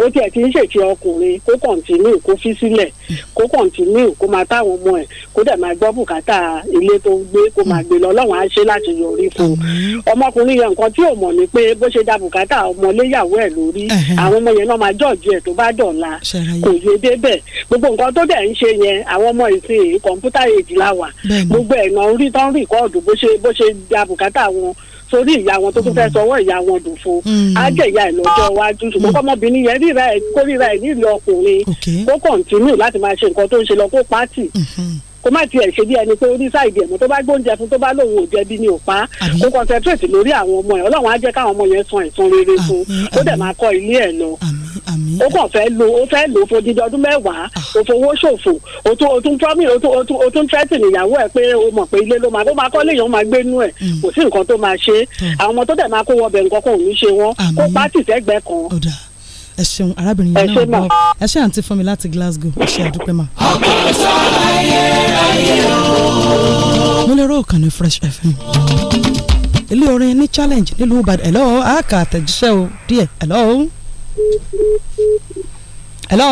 ó tiẹ̀ kì í ṣèṣe ọkùnrin kó kọ̀ǹtínú kó fi sílẹ̀ kó kọ̀ǹtínú kó máa táwọn ọmọ ẹ̀ kó dẹ̀ máa gbọ́ bùkátà ilé tó ń gbé kó máa gbé lọ ọlọ́run á ṣe láti yọrí fún un ọmọkùnrin yẹn nǹkan tí ò mọ̀ ni pé bó ṣe da bùkátà ọmọléyàwó ẹ̀ lórí àwọn ọmọ yẹn náà máa jọ́ọ̀jì ẹ̀ tó bá dọ̀la kò yé débẹ̀ gbogbo nǹkan tó dẹ̀ ń ṣe yẹn àwọn ọmọ ìsìn kọ̀ǹpútà èjìlá wà gbogbo ẹ̀ náà rí tán rìkọ́ọ̀dù bó bó ṣe da bùkátà wọn sórí ìyá wọn tó tún fẹ́ mm. sọwọ́ ìyá wọn dòfo á jẹ́ ìyá ẹ̀ lọ́jọ́ ah. iwájú mm. ṣùgbọ́n kọ́mọbìnrin yẹn ríra ẹ̀ kó ẹ̀ nílùú ọkùnrin kó kọ̀ǹtínú láti máa ṣe nǹkan tó ń ṣe lọ kó pátì mm-hmm. kó má tiẹ̀ ṣe bí ẹni pé ó ní sáìdì ẹ̀mọ́ tó bá gbóúnjẹ fún tó bá lòun ò jẹ̀bi ni ò pa kó concentrate lórí àwọn ọmọ yẹn ọlọ́run á jẹ́ káwọn ọmọ yẹn san ẹ̀san rere fún ah, ah, ó dẹ̀ máa kọ́ ilé ẹ̀ lọ ó kàn fẹ́ lo ó fẹ́ lo fodidi ọdún mẹ́wàá ah. ó fowó ṣòfò ó tún ó tún promi ó tún ó tún ó tún threatening ìyàwó ẹ̀ pé ó mọ̀ pé ilé ló máa ó máa kọ́lé èèyàn máa gbé inú ẹ̀ hmm. kò sí nǹkan tó máa ṣe hmm. àwọn ọmọ tó dẹ̀ máa kó wọ bẹ̀rù kankan ò ní ṣe wọ́n kó pátì sẹ́gbẹ̀ẹ́ kan ẹ ṣeun arábìnrin yìí náà gbọ́ ẹ ṣe àǹtí fún mi láti Glasgow ẹ ṣe àdúpẹ́ mà. mo lè rọ òkànnì Fresh FM ilé orin ní challenge nílùú Ìbàdàn hello àkà àtẹ̀jíṣẹ́ o díẹ̀ hello hello.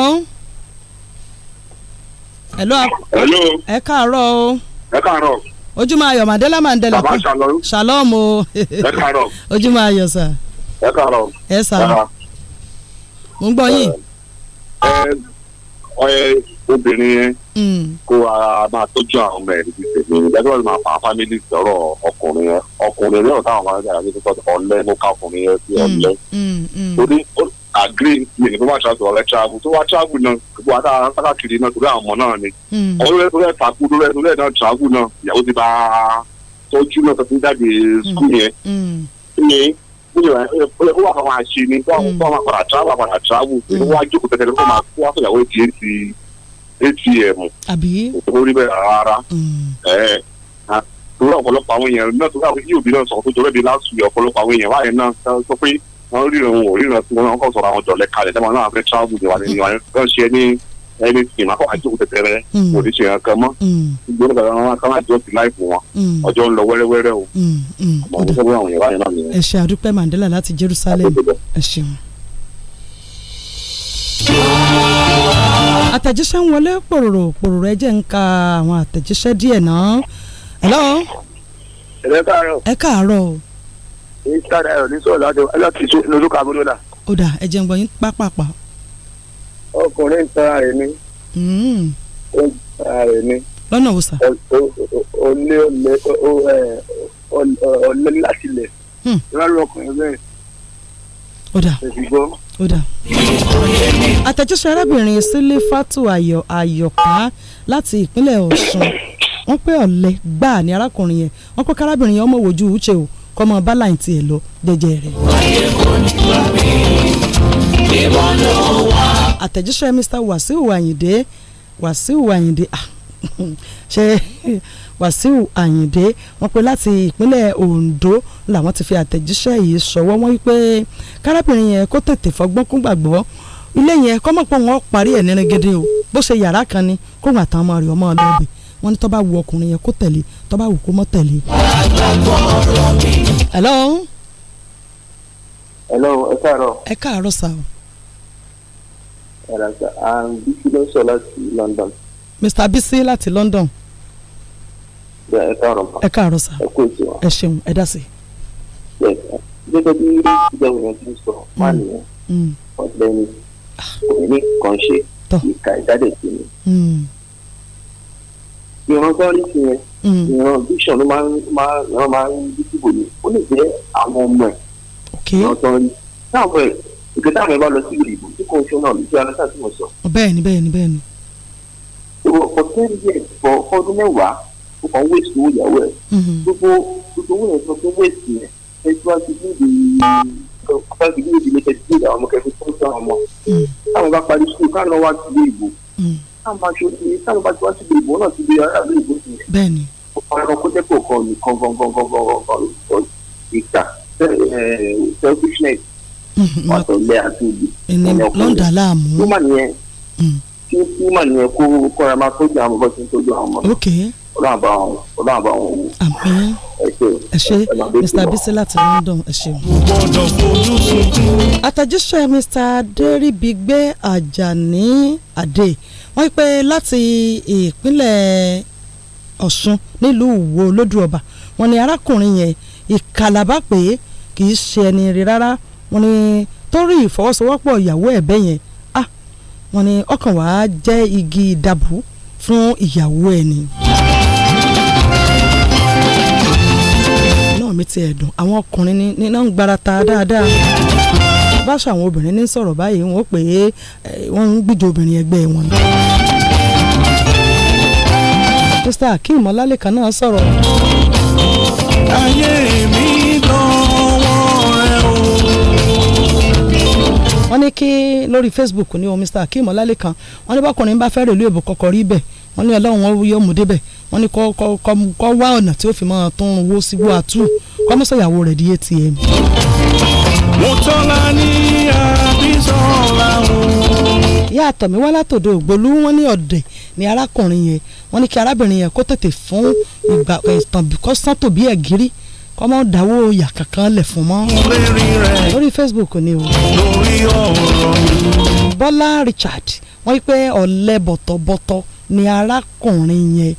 hello. hello. ẹ káàárọ̀ o. ẹ káàárọ̀. ojúmọ́ ayọ̀ mandela mandela. baba shalom. shalom o. ẹ káàárọ̀. ojúmọ́ ayọ̀ sà. ẹ káàárọ̀. ẹ sà. mo ń gbọ́ yín. ẹ ẹ obìnrin yẹn mm. kó a máa tọ́jú àwọn ọmọ ẹ̀ níbi tèmi ìdájọ́ ìmọ̀ àpá fámìlì sọ̀rọ̀ ọkùnrin yẹn ọkùnrin yẹn táwọn máa ń gbà yàtọ̀ ọ̀lẹ́ mo ká ọkùnrin yẹn sí mm. ọ̀lẹ́ mm, torí agree mi nípa máa travel ọ̀rẹ́ travel tó wá travel náà gbogbo àtàrà pátákìrì náà torí àwọn ọmọ náà ni hmm. ọ̀rẹ́ rẹ̀ takú lórẹ́ lórẹ́ náà travel náà ìyàwó ti bá tọ́jú náà tọ́jú jáde skul yẹn ní hmm. hmm. ó wà fáwọn àṣe ni bá wọn máa padà travel padà travel ó wá jókòó tẹ̀lé ó máa kó wá sọ̀yàwó ti ti atm orí bẹ́ẹ̀ rárá torí ọ̀pọ̀lọpọ̀ àwọn èèyàn náà torí àwọn yóò bí náà sọ̀rọ̀ tó jọ bẹ́ẹ̀ bí lásìkò ọ̀pọ̀lọpọ̀ àwọn èèyàn wáyé náà sọ pé wọ́n ríran wọn ò ríran tí wọ́n kọ́ àwọn jọ̀lẹ́ kalẹ̀ dáwọn náà fẹ́ travel ni wà ní wà ní ṣe ní ẹni tì máa kọ́ àjòkò tẹ̀tẹ̀rẹ́ kò ní ṣe yẹn hmm. kan mọ́ gbọ́dọ̀ gbàgbọ́ wọn ká máa jọ́sìn láìpù wọn ọjọ́ ń lọ wẹ́rẹ́wẹ́rẹ́ o àmọ́ ọ̀gbọ́n sọ́gbọ́n àwọn ìwà yẹn náà nìyẹn. ẹ ṣé àdúpẹ́ Mandela láti Jerusalem ẹ ṣeun àtẹ̀jíṣẹ́ ń wọlé pòròrò pòròrò ẹ jẹ́ ń ka àwọn àtẹ̀jíṣẹ́ díẹ̀ náà. ẹ káàárọ̀. ẹ káàárọ̀ èyí sára ẹ̀ ní sọ̀rọ̀ láti láti tó ní olúkà gbọdọ̀ là. ó dà ẹ jẹun gbọ̀nyín pápápá. ọkùnrin tara rẹ̀ ni. Hmm. ó tara rẹ̀ ni. lọ́nà wo sà. olè ó olè láti lẹ̀. ìrọ̀lẹ́ hmm. ọkùnrin bẹ́ẹ̀. ó dà ó dà. àtẹ̀jíṣẹ́ arábìnrin sílé fatu ayọ̀ ayọ̀ká láti ìpínlẹ̀ ọ̀ṣun wọ́n pé ọ̀lẹ gbáà ní arákùnrin yẹn wọ́n pé kárábìnrin yẹn ọmọ wojú uche o kọ́mọ báláyìn tiẹ̀ lọ jẹ́jẹ́ àtẹ̀jíṣẹ́ Mr. Wàsíù Àyìndé Wàsíù Àyìndé ṣe Wàsíù Àyìndé wọ́n pé láti ìpínlẹ̀ Ondo làwọn ti fi àtẹ̀jíṣẹ́ yìí ṣọwọ́ wọ́n wípé kárábìnrin yẹn kó tètè fọgbọ́n kún gbàgbọ́ ilé yẹn kọ́mọ̀pọ̀ wọn parí ẹ̀ nírìn gidi o bó ṣe yàrá kan ni kóhùn àtàwọn ọmọ rẹ̀ ọmọ ọlọ́ọ̀bì wọ́n ní tó bá wù ọkùnrin yẹn kó tẹ̀lé tó bá wù kó mọ́ tẹ̀lé. hello. hello ẹ káàárọ̀. ẹ káàárọ̀ sá o. ẹ̀rọ bísí ló sọ láti London. Mr. Bisi láti London. ẹ káàárọ̀ pa. ẹ káàárọ̀ sá. ẹ kú ètò wa. ẹ ṣeun ẹ dá sí. gẹ́gẹ́ bí ìjọba yẹn ti sọ wà nìyẹn ọ̀gbẹ́ni òní kan ṣe ìka ìdádẹ́sí ni. Mm ìran gọ́ọ̀rìsì yẹn mm. ìran bíṣọ̀ ló máa ń ìran máa ń dìbò ní ó lè jẹ́ àwọn ọmọ ẹ̀ ìran gọ́ọ̀rì táwọn ẹ̀ ìgbé táwọn ẹ̀ bá lọ sí ìdìbò tí kò ń ṣe náà lójú alẹ́ sáà tí mo sọ. bẹ́ẹ̀ni bẹ́ẹ̀ni bẹ́ẹ̀ni. for ten years for ọdún mẹ́wàá ó kàn wéèsì owó ìyàwó ẹ̀ mm-hmm. gbogbo gbogbo owó yẹn sọ pé wéèsì yẹn ẹ tí wọ́n ti ní ìdè ọ̀pá ìdílé ìdílé kẹ́kẹ́ ìdílé àwọn ọmọ máa ṣe ní sábà bá ti wá sí ìbò náà ti di ará ìlú ìbò sí. bẹ́ẹ̀ni. ọ̀pọ̀lọpọ̀ kó jẹ́ pé òkò nìkan gangan ìgbà selfishness ọ̀tọ̀lẹ̀ àti ìdí lọ́ndà láàmú. wúmà nìyẹn tí wúmà nìyẹn kó kọ́ra máa tọ́jú àwọn ọmọ tí ń tọ́jú àwọn ọmọ. ok ọlọ́run àbá wọn ọlọ́run àbá wọn wò. àmín ẹ ṣé mr bisi láti london ẹ ṣé. àtẹ̀jíṣẹ́ mr adéríbigbé àjàní adé wọ́n pẹ́ láti ìpínlẹ̀ Ọ̀ṣun nílùú Ìwó lójú ọba wọ́n ní arákùnrin yẹn ìkàlàbà pé kì í ṣe ẹni rí rárá wọ́n ní torí ìfọwọ́sowọ́pọ̀ ìyàwó ẹ̀bẹ́ yẹn ah wọ́n ní ọkàn wàá jẹ́ igi ìdàbù fún ìyàwó ẹni. náà mi ti ẹ̀dùn àwọn ọkùnrin ní náà ń gbarata dáadáa bá ṣàwọn obìnrin ní sọ̀rọ̀ báyìí wọ́n pè é wọ́n ń gbìjọ obìnrin ẹgbẹ́ wọn. mr akeem ọlálẹ́kan náà sọ̀rọ̀. ayé mi lọ́wọ́ rẹ o. wọ́n ní kí lórí facebook ní o mr akeem ọlálẹ́kan wọ́n ní bákùnrin bá fẹ́ rèlú èbò kọkọ rí bẹ́ẹ̀ wọ́n ní ọlọ́run wọn yóò mú débẹ̀ wọ́n ní kọ́ wá ọ̀nà tí ó fi máa tún owó síbú àtú. Si kọ́mọ́sọ̀ ìyàwó rẹ̀ di atm. mo tọ́lá ní àbísọ̀lá o. ìyá àtọ̀mí wá látòdò ògbólú wọn ní ọ̀dẹ̀ ni arákùnrin yẹn wọn ní kí arábìnrin yẹn kó tètè fún ìgbà ẹ̀sán kó sán tòbí ẹ̀ gírí kọ́ mọ́ dáwọ́ ìyà kankan lẹ̀ fún mọ́. lórí Facebook ni o. lórí ọ̀rọ̀ yìí. Bọ́lá Richard wọ́n yí pé ọ̀lẹ́ bọ̀tọ̀bọ̀tọ̀ ni arákùnrin yẹn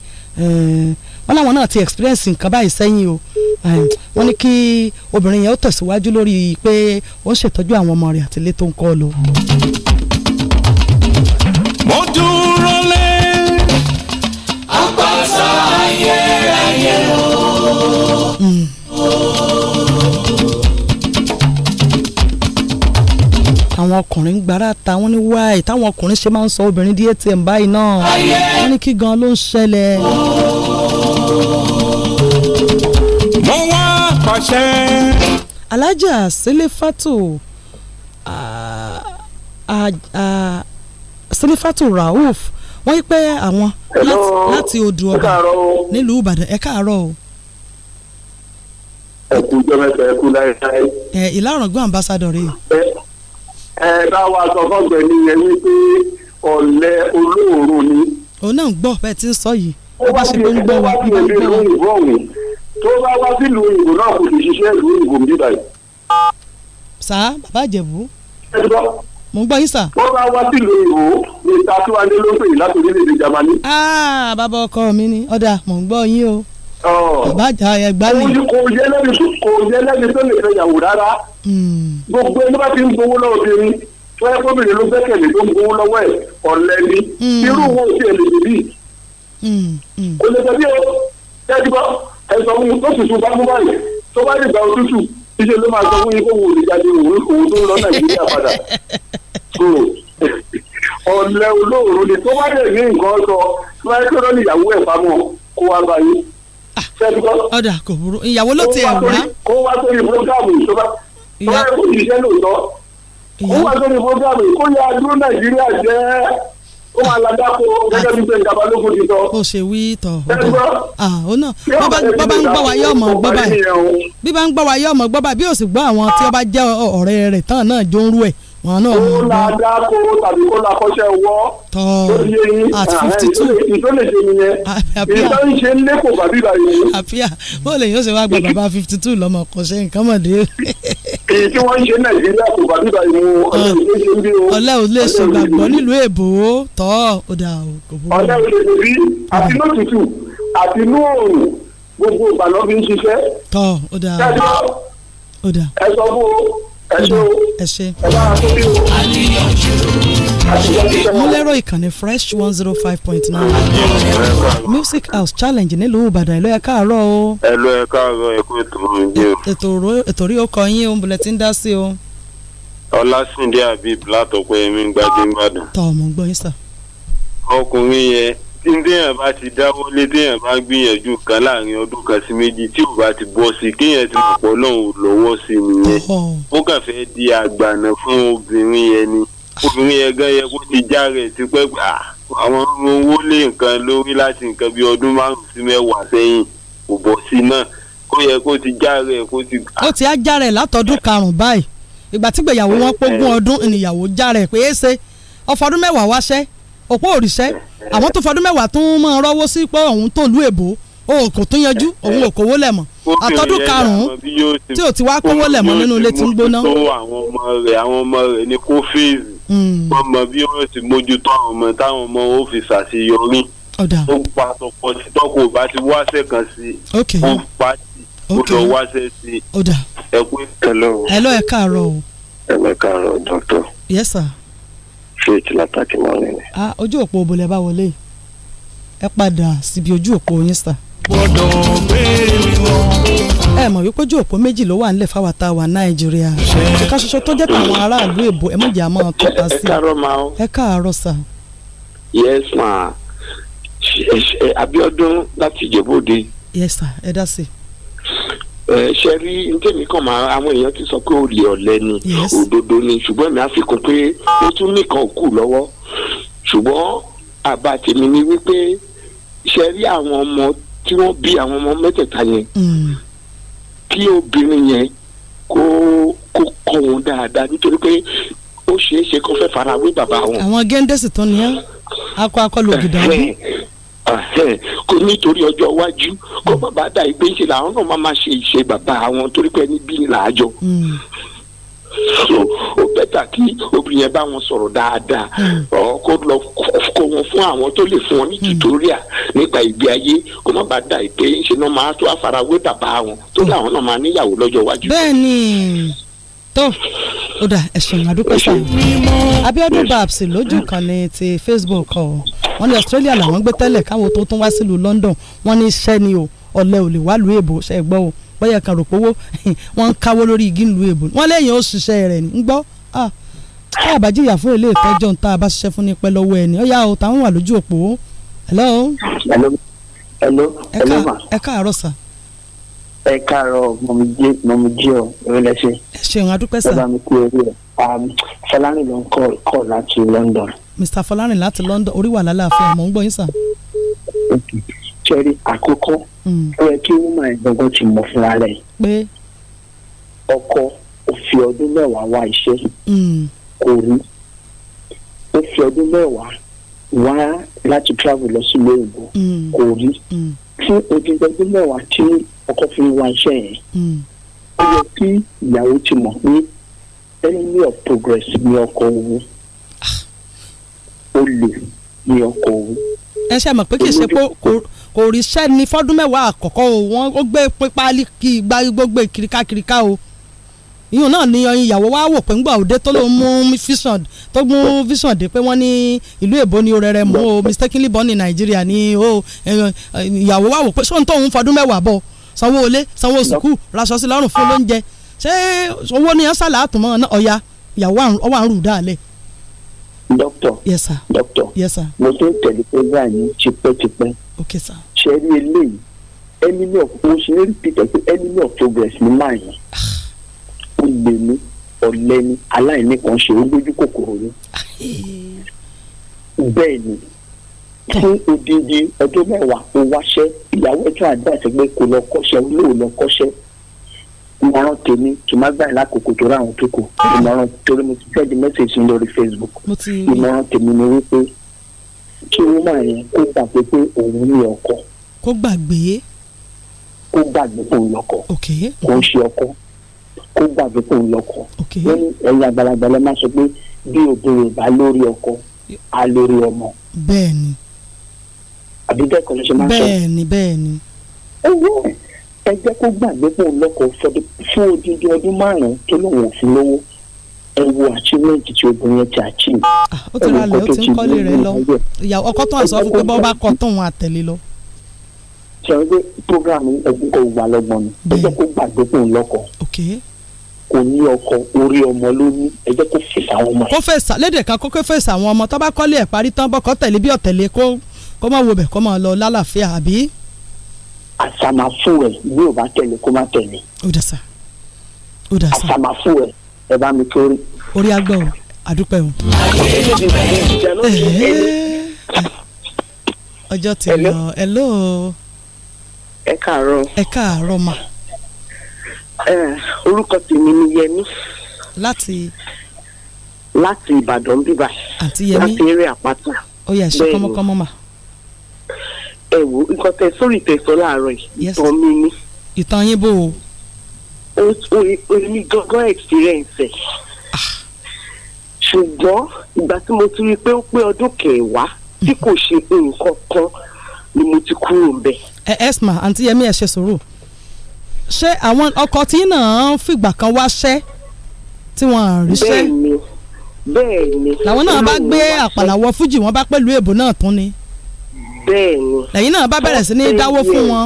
wọ́n láwọn náà ti experience nǹkan báyìí sẹ́yìn o wọ́n ní kí obìnrin yẹn ó tẹ̀síwájú lórí pé ó ń ṣètọ́jú àwọn ọmọ rẹ̀ àtìlé tó ń kọ́ lọ. mo dúró lé apáta ayé ayé o. Hmm. àwọn ọkùnrin gbára ta ní wáì táwọn ọkùnrin ṣe máa ń sọ obìnrin di atm báyìí náà wọn ní kí gan ló ń ṣẹlẹ̀. fàṣẹ. alájà sẹlẹfàtò sẹlẹfàtò rauf wọ́n yí pé àwọn láti odò ọba nílùú ìbàdàn ẹ káàárọ̀ o. ẹ kú jọmẹta ẹ kú láéláé. ẹ ìlànà gbọ́n ambassadọ̀ rẹ. ẹ bá wa sọ fọ́gbẹ́ ni yẹn wípé ọ̀lẹ́ olóòórùn ni. òun náà ń gbọ́ bẹ́ẹ̀ tí ń sọ yìí ó bá ṣe pé ń gbọ́ wa ń gbọ́ wa tó bá wá sílùú òyìnbó náà kò lè ṣiṣẹ́ ìlú òyìnbó ń bí báyìí. sá bàbá ìjẹ̀bú. ẹ gbọ́. mo ń gbọ́ yín sà. tó bá wá sílùú òyìnbó ní tatuwani ló pè láti orílẹ̀-èdè Jámánì. bàbá ọkọ mi ni ọ̀dà mo ń gbọ́ yín o. bàbá àjà ẹ̀gbá mi. kò yẹ lẹ́ni kò yẹ lẹ́ni tó lè fẹ́ yàwó rárá. Hmm. gbogbo ẹni bá ti ń gbowó lọ́wọ́ obìnrin tó yẹ gómìnà ló gbẹ́kẹ̀lé tó ń gbowó lọ́wọ́ ẹ̀ ọ̀lẹ́ni hmm. irú wo ti ẹ̀ lè dèbí. Hmm, kò lè dèbí o ẹ sọ fún mi tó tutù bá mú báyìí tó bá dìgbà òtútù iṣẹ́ ló máa sọ fún yín kó wò lè jáde òun òun tó ń lọ nàìjíríà padà ọ̀lẹ olóòrùn ni tó bá dẹ̀ ní nǹkan sọ láyé tó rọ́ níyàwó ẹ̀ pamọ́ kó wá báyìí ah, ọ̀dà kò burú ìyàwó ló ti ẹ̀ wá. kó wá sórí fúrógámù ìjọba tó bá yẹ kó ṣiṣẹ́ lóòótọ́ kó wá sórí fúrógámù kó yá dúró nàìjíríà jẹ́ ó máa la dáko gẹ́gẹ́ bí gbẹ̀ngà balógun ti sọ. bó ṣe wí tọ̀ ó náà bó bá ń gbọ́ wa yóò mọ̀ gbọ́ báyìí bí bá ń gbọ́ wa yóò mọ̀ gbọ́ báyìí bí ó sì gbọ́ àwọn tí ó bá jẹ́ ọ̀rẹ́ rẹ̀ tán náà jó ń rú ẹ̀ wọn náà mú un kó la kó tàbí kó la kọ́ṣẹ́ wọ́. tọ́ at fifty two. ìtọ́lẹ̀ṣe nìyẹn. ìtọ́ ń ṣe lẹ́kọ̀ọ́ bàbí ìbàyè. àpíà bó lè yóò ṣe wá gba bàbá fifty two lọ́mọ kọ́ṣẹ́ nǹkan mọ̀ dé. èyí tí wọ́n ń ṣe nàìjíríà kò bàbí ìbàyè mu ọ̀lẹ́ ò lè ṣe o. ọ̀lẹ́ ò lè ṣe bí àti lótùtù tọ́ ó dà o. ẹ sọ fún ẹ ṣe. mo lẹ́rọ ìkànnì fresh one zero five point nine music house challenge nílùú ìbàdàn ìlú ẹ káàárọ̀ o. ẹ káàárọ̀ ẹ ètò òun o. ọkọ yín tí o. àbí mi tọ́ ọmọ gbọ́ yín sà. tí téèyàn bá ti dáwọ́ lé téèyàn bá gbìyànjú kan láàrin ọdún kan sí méjì tí ò bá ti bọ́ sí kéèyàn ti mọ̀ pọ̀ lọ́hùn lọ́wọ́ sí nìyẹn ó kàn fẹ́ di àgbàna fún obìnrin yẹn ni obìnrin yẹn gan yẹ kó ti já rẹ̀ tipẹ́ gbà ah, àwọn owó lé nǹkan lórí láti nǹkan bí ọdún márùn sí mẹ́wàá sẹ́yìn kò bọ́ sí náà kó yẹ kó ti já rẹ̀ kó ti. ó ti á já rẹ̀ látọdún karùn-ún báyìí ìgbà tí gbèyàwó wọn pógún ọdún ìnìyàwó òpó òrìṣẹ́ àwọn tó fọdún mẹ́wàá tó ń mọ̀ rọ́wọ́ sí pé òun tó lú èbó òun kò tún yanjú òun ò kówó lẹ̀ mọ́ àtọ́dún karùn-ún tí ò ti wá kówó lẹ̀ mọ́ nínú ilé tí ń gbóná. àwọn ọmọ rẹ̀ àwọn ọmọ rẹ̀ ní kó fèèzì hmm. wọ́n mọ bí wọ́n ti mójútó àwọn ọmọ táwọn ọmọ ó fi ṣàṣeyọrí ó pa tọkọ sí tọkọ bá ti wáṣẹ kan sí ó pa sí ó lọ wáṣẹ sí ẹ kú ìkẹlẹ o. ẹ lọ ẹ káàárọ̀ o. ẹ lọ káàárọ̀ dọ́tọ̀. yes sir faith látàkì mọ́rin ni. a ojú òpó obìnrin bá wọlé yìí ẹ padà síbi ojú òpó yín sà. gbọ́dọ̀ bẹ́ẹ̀ ni wọ́n. ẹ mọ̀ wípé ojú òpó méjì ló wà ńlẹ̀ fáwọn tá a wà nàìjíríà ìka ṣoṣo tó jẹ́ tàwọn aráàlú èbó ẹ mọ̀jà máa tọ́ka sí i. ẹ káàárọ̀ sà. yes ma Abiodun láti Ìjẹ̀bú Òde. yes sà ẹ dá sí ṣe rí ntẹ́mi kan máa àwọn èèyàn ti sọ pé olè ọ̀lẹ ni òdodo ni ṣùgbọ́n èmi á fi kún pé ó tún nìkan kù lọ́wọ́ ṣùgbọ́n àbá tèmi ni wípé ṣe rí àwọn ọmọ tí wọ́n bí àwọn ọmọ mẹ́tẹ̀ẹ̀ta yẹn mm. kí obìnrin yẹn kó kó kọ́ wọn dáadáa nítorí pé ó ṣeé ṣe kó fẹ́ fara wé bàbá wọn. àwọn géńdé sì tán ni akọ akọ lògìdá kò nítorí ọjọ́ iwájú kó má bàa dà ìpè ṣe làwọn náà má ṣe ìṣe bàbá àwọn torí pé ẹni bí ni làájọ hmm. ó bẹ́tà kí obìnrin yẹn bá wọn sọ̀rọ̀ dáadáa hmm. kó lọ kó wọn fún àwọn tó lè fún wọn ní hmm. tutoria nípa ìgbé ayé kó má bàa dà ìpè ṣe náà máa tó àfarawé bàbá wọn tó láwọn náà máa níyàwó lọ́jọ́ iwájú. bẹ́ẹ̀ni tó ó dà ẹ̀sùn àdúpẹ́ sáà Abíọ́dún Babs lójú kan ní ti Facebook ọ̀ wọ́n ní Australia làwọn gbé tẹ́lẹ̀ káwọn tó tún wá sílùú London wọ́n ní iṣẹ́ ni o ọ̀lẹ́ ò lè wá lu èbò ṣe é gbọ́ o bóyá kan rò pówó wọ́n ń káwó lórí igi ń lu èbò wọ́n lẹ́yìn ó ṣiṣẹ́ rẹ̀ ń gbọ́ a bá jìyà fún ilé ìtọ́jọ́ ń tá a bá ṣiṣẹ́ fún ní pẹ́ lọ́wọ́ ẹni ó o táwọn wà lójú òpó hello. hello hello ma. ẹ káàárọ̀ sà ẹ káàárọ̀ mọ̀míjì ọ̀ ìrẹ̀lẹ́sẹ̀. ṣeun adúpẹ́ sà. bàbá mi kú orí ẹ̀ um, fọlárìn ló ń kọ́ láti London. Mr. fọlárìn láti London orí wà lálàáfíà mò ń gbọ́ yín sà. kẹrí àkọ́kọ́ hmm. ó yẹ kí wọ́n máa gbọ́ngàn ti mọ̀ fúnra rẹ̀. pé ọkọ ó fi ọdún mẹ́wàá wá iṣẹ́ hmm. kò rí ó fi ọdún mẹ́wàá wá láti travel lọ sí ilé ìbò hmm. kò rí fún ojúgbọ́dún mẹ́wàá tí ọkọ fi wá iṣẹ́ yẹn hmm. ó yẹ kí ìyàwó ti mọ̀ pé enemy of progress ni ọkọ owó ah. olè ni ọkọ owó. ẹ ṣe mọ̀ pé kì í ṣe pé kò ríṣẹ́ ní fọ́dún mẹ́wàá àkọ́kọ́ o wọ́n ó gbé pípálí kí igba gbogbo ìkirikakirika o ìyún náà ni ìyàwó wa wò pé ńgbà òde tó ló mú vision tó mú vision dé pé wọ́n ní ìlú èbó ni orẹrẹ mú o mistakenly born in Nigeria ni o ìyàwó wa wò pé sóńtò òun fọ́dún mẹ́wàá bọ̀ sanwó olé sanwó sùkúù raṣọ sí lọ́rùn fún lóúnjẹ ṣé owó ni ẹ̀sán làátùmọ̀ náà ìyàwó ọwọ́ àrùn dàlẹ̀. dókítà yes sir dókítà yes sir mo tó tẹ̀lé program yìí tipẹ́tipẹ́ ok sir ṣe rí eléyìí enemy of mo ṣe rí peter pé enemy of progress ni máa yàn ah. ó lè ní ọ̀lẹ́ni aláìníkan ṣe ó lójú kòkòrò ni ah, eh. bẹ́ẹ̀ ni fún odidi ọdún mẹ́wàá kó wáṣẹ́ ìyàwó ẹ̀ tún àdúrà pé kó lọ kọ́ṣẹ́ olóò lọ kọ́ṣẹ́ ìmọ̀ràn tèmi kì má gbà lákòókò tó ráhùn tó kù ìmọ̀ràn torí mo ti sẹ́ẹ̀dì mẹ́sẹ̀jì lórí Facebook ìmọ̀ràn tèmi ni wípé kí wọ́n máa yẹn kó gbàgbé pé òun ní ọkọ. kó gbàgbé. kó gbàgbé pé òun lọkọ. ok kó ń ṣe ọkọ kó gbàgbé pé òun lọkọ. ok wọ́n ní ẹ̀yin àgbàlagbà lẹ́ máa sọ pé bí obìnrin bá lórí ọkọ á lórí ọmọ. bẹ́ẹ̀ni àbí bẹ́ẹ̀ kọ́ ló ṣe máa ń sọ. bẹ́ẹ̀ni bẹ́ẹ̀ni. owó ẹ jẹ́ kó gbàgbé pò lọ́kọ̀ fún odidi ọdún márùn-ún tó lòun ò fi lówó ẹ wo achievement tí obìnrin ti achieve. Ah, ó ti ra lẹ̀ ó ti ń kọ́lé rẹ̀ lọ ìyàwó ọkọ tó ń sọ fún pé bọ́ bá kọ tóun àtẹ̀lé lọ. ṣe é pé programu ẹgbẹ́ kò wà lọ́gbọ̀n ni ẹ jẹ́ kó gbàgbé pò lọ́kọ̀ kò ní ọkọ orí ọmọ ló ní ẹ jẹ́ kó fèsì àwọn ọmọ. kó fèsì lédè kan kó fèsì àwọn ọmọ tó bá kọ́lé ẹ̀ parí tán bọ́kọ́ tẹ̀lé bí ọ̀tẹ̀lé kó kó má wo bẹ̀ kó má lọ lálàáfíà àbí. àṣàmà fún ẹ bí ò bá tẹ̀lé kó má tẹ̀lé. ó dà sá ó dà sá. àṣàmà fún ẹ ẹ bá mi torí. orí agbọ́ o àdúpẹ́ o. ọjọ́ ti lọ ẹ lóò. ẹ káàárọ̀. ẹ káàárọ̀ mà. orúkọ tèmi ni Yẹmí. láti. láti Ìbàdàn bíbá. àti Yẹmí láti eré àpáta. ó yá ṣe kọ́mọ́kọ́mọ́ mà ẹ wo nǹkan tẹ sórí ìtẹ̀sọ́ láàárọ̀ yìí ìtàn mi ni. ìtàn yín bò ó. èmi gangan experience ẹ̀ ah. ṣùgbọ́n ìgbà tí mo ti rí i pé ó pé ọdún kẹwàá tí kò ṣe nǹkan kan ni mo ti kúrò ńbẹ̀. ẹ esma àǹtí yẹmi ẹ ṣe sùúrù ṣé àwọn ọkọ tí náà fìgbà kan wá ṣẹ́ tí wọ́n á ríṣẹ́. bẹ́ẹ̀ ni bẹ́ẹ̀ ni. làwọn náà bá gbé àpàlàwọ̀ fújì wọ́n bá pẹ̀lú èbó náà tún ni bẹ́ẹ̀ni. lẹ́yìn náà bá bẹ̀rẹ̀ sí ní dáwó fún wọn.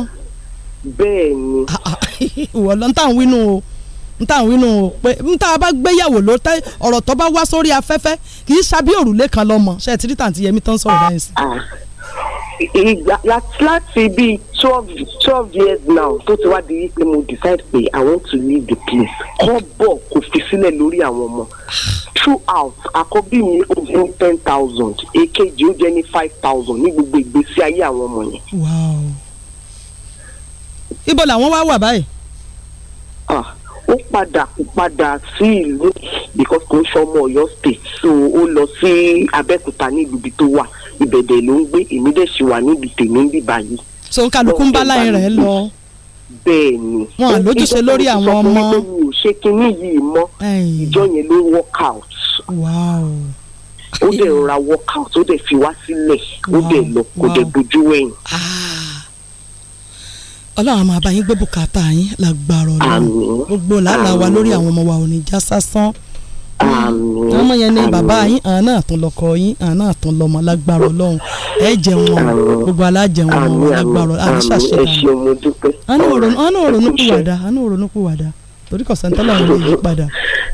bẹ́ẹ̀ni. ìwọ lọ ń wínú o ń tà ń wínú o pé ń tà bá gbéyàwó ló tẹ ọ̀rọ̀ tó bá wá sórí afẹ́fẹ́ kì í ṣàbí òrùlé kan lọ́mọ ṣe é tìrìtà àti yẹmi tán sọ̀rọ̀ báyìí sí. Ah, ah ìgbà láti bíi twelve twelve years now tó ti wá di wípé mo decide pé i want to leave the place kọ́ bọ̀ kò fi sílẹ̀ lórí àwọn ọmọ throughout àkọ́bí mi ó jẹ́ ten thousand èkejì ó jẹ́ ní five thousand ní gbogbo ìgbésí ayé àwọn ọmọ yẹn. ibo làwọn wá wà báyìí. Ah, ó padà kò padà sí ìlú because kò ń ṣọmọ Ọ̀yọ́ state so ó lọ sí Abẹ́òkúta ní ìlú ibi tó wà ìbẹ̀dẹ̀ ló ń gbé èmi dẹ̀ sì wà níbi tèmi ń bì báyìí. so kálukú ń bá láyé rẹ̀ lọ. bẹ́ẹ̀ ni wọn à lójúṣe lórí àwọn ọmọ. mi ò ṣe kinní yìí mọ́ ìjọ yẹn ló work out. wow ó dẹ̀ rọra work out ó dẹ̀ fi wá sílẹ̀ ó dẹ̀ lọ kò dẹ̀ bójú wẹ̀yìn. Ah. ọlọ́run àmọ́ àbáyín gbé bùkátà yín lágbára ọlọ́run gbogbo làálàá wa lórí àwọn ọmọ wa ò ní já sásán ọmọ yẹn ni bàbá yín àwọn náà tún lọkọ yín àwọn náà tún lọmọ lágbára Ọlọ́run ẹ jẹun ọmọ gbogbo alájẹun ọmọ lágbára Ọlọ́run àti ṣàṣẹ àná àná òrònú pìwàdà àná òrònú pìwàdà torí kọ̀sán tọ́lá ń lè padà.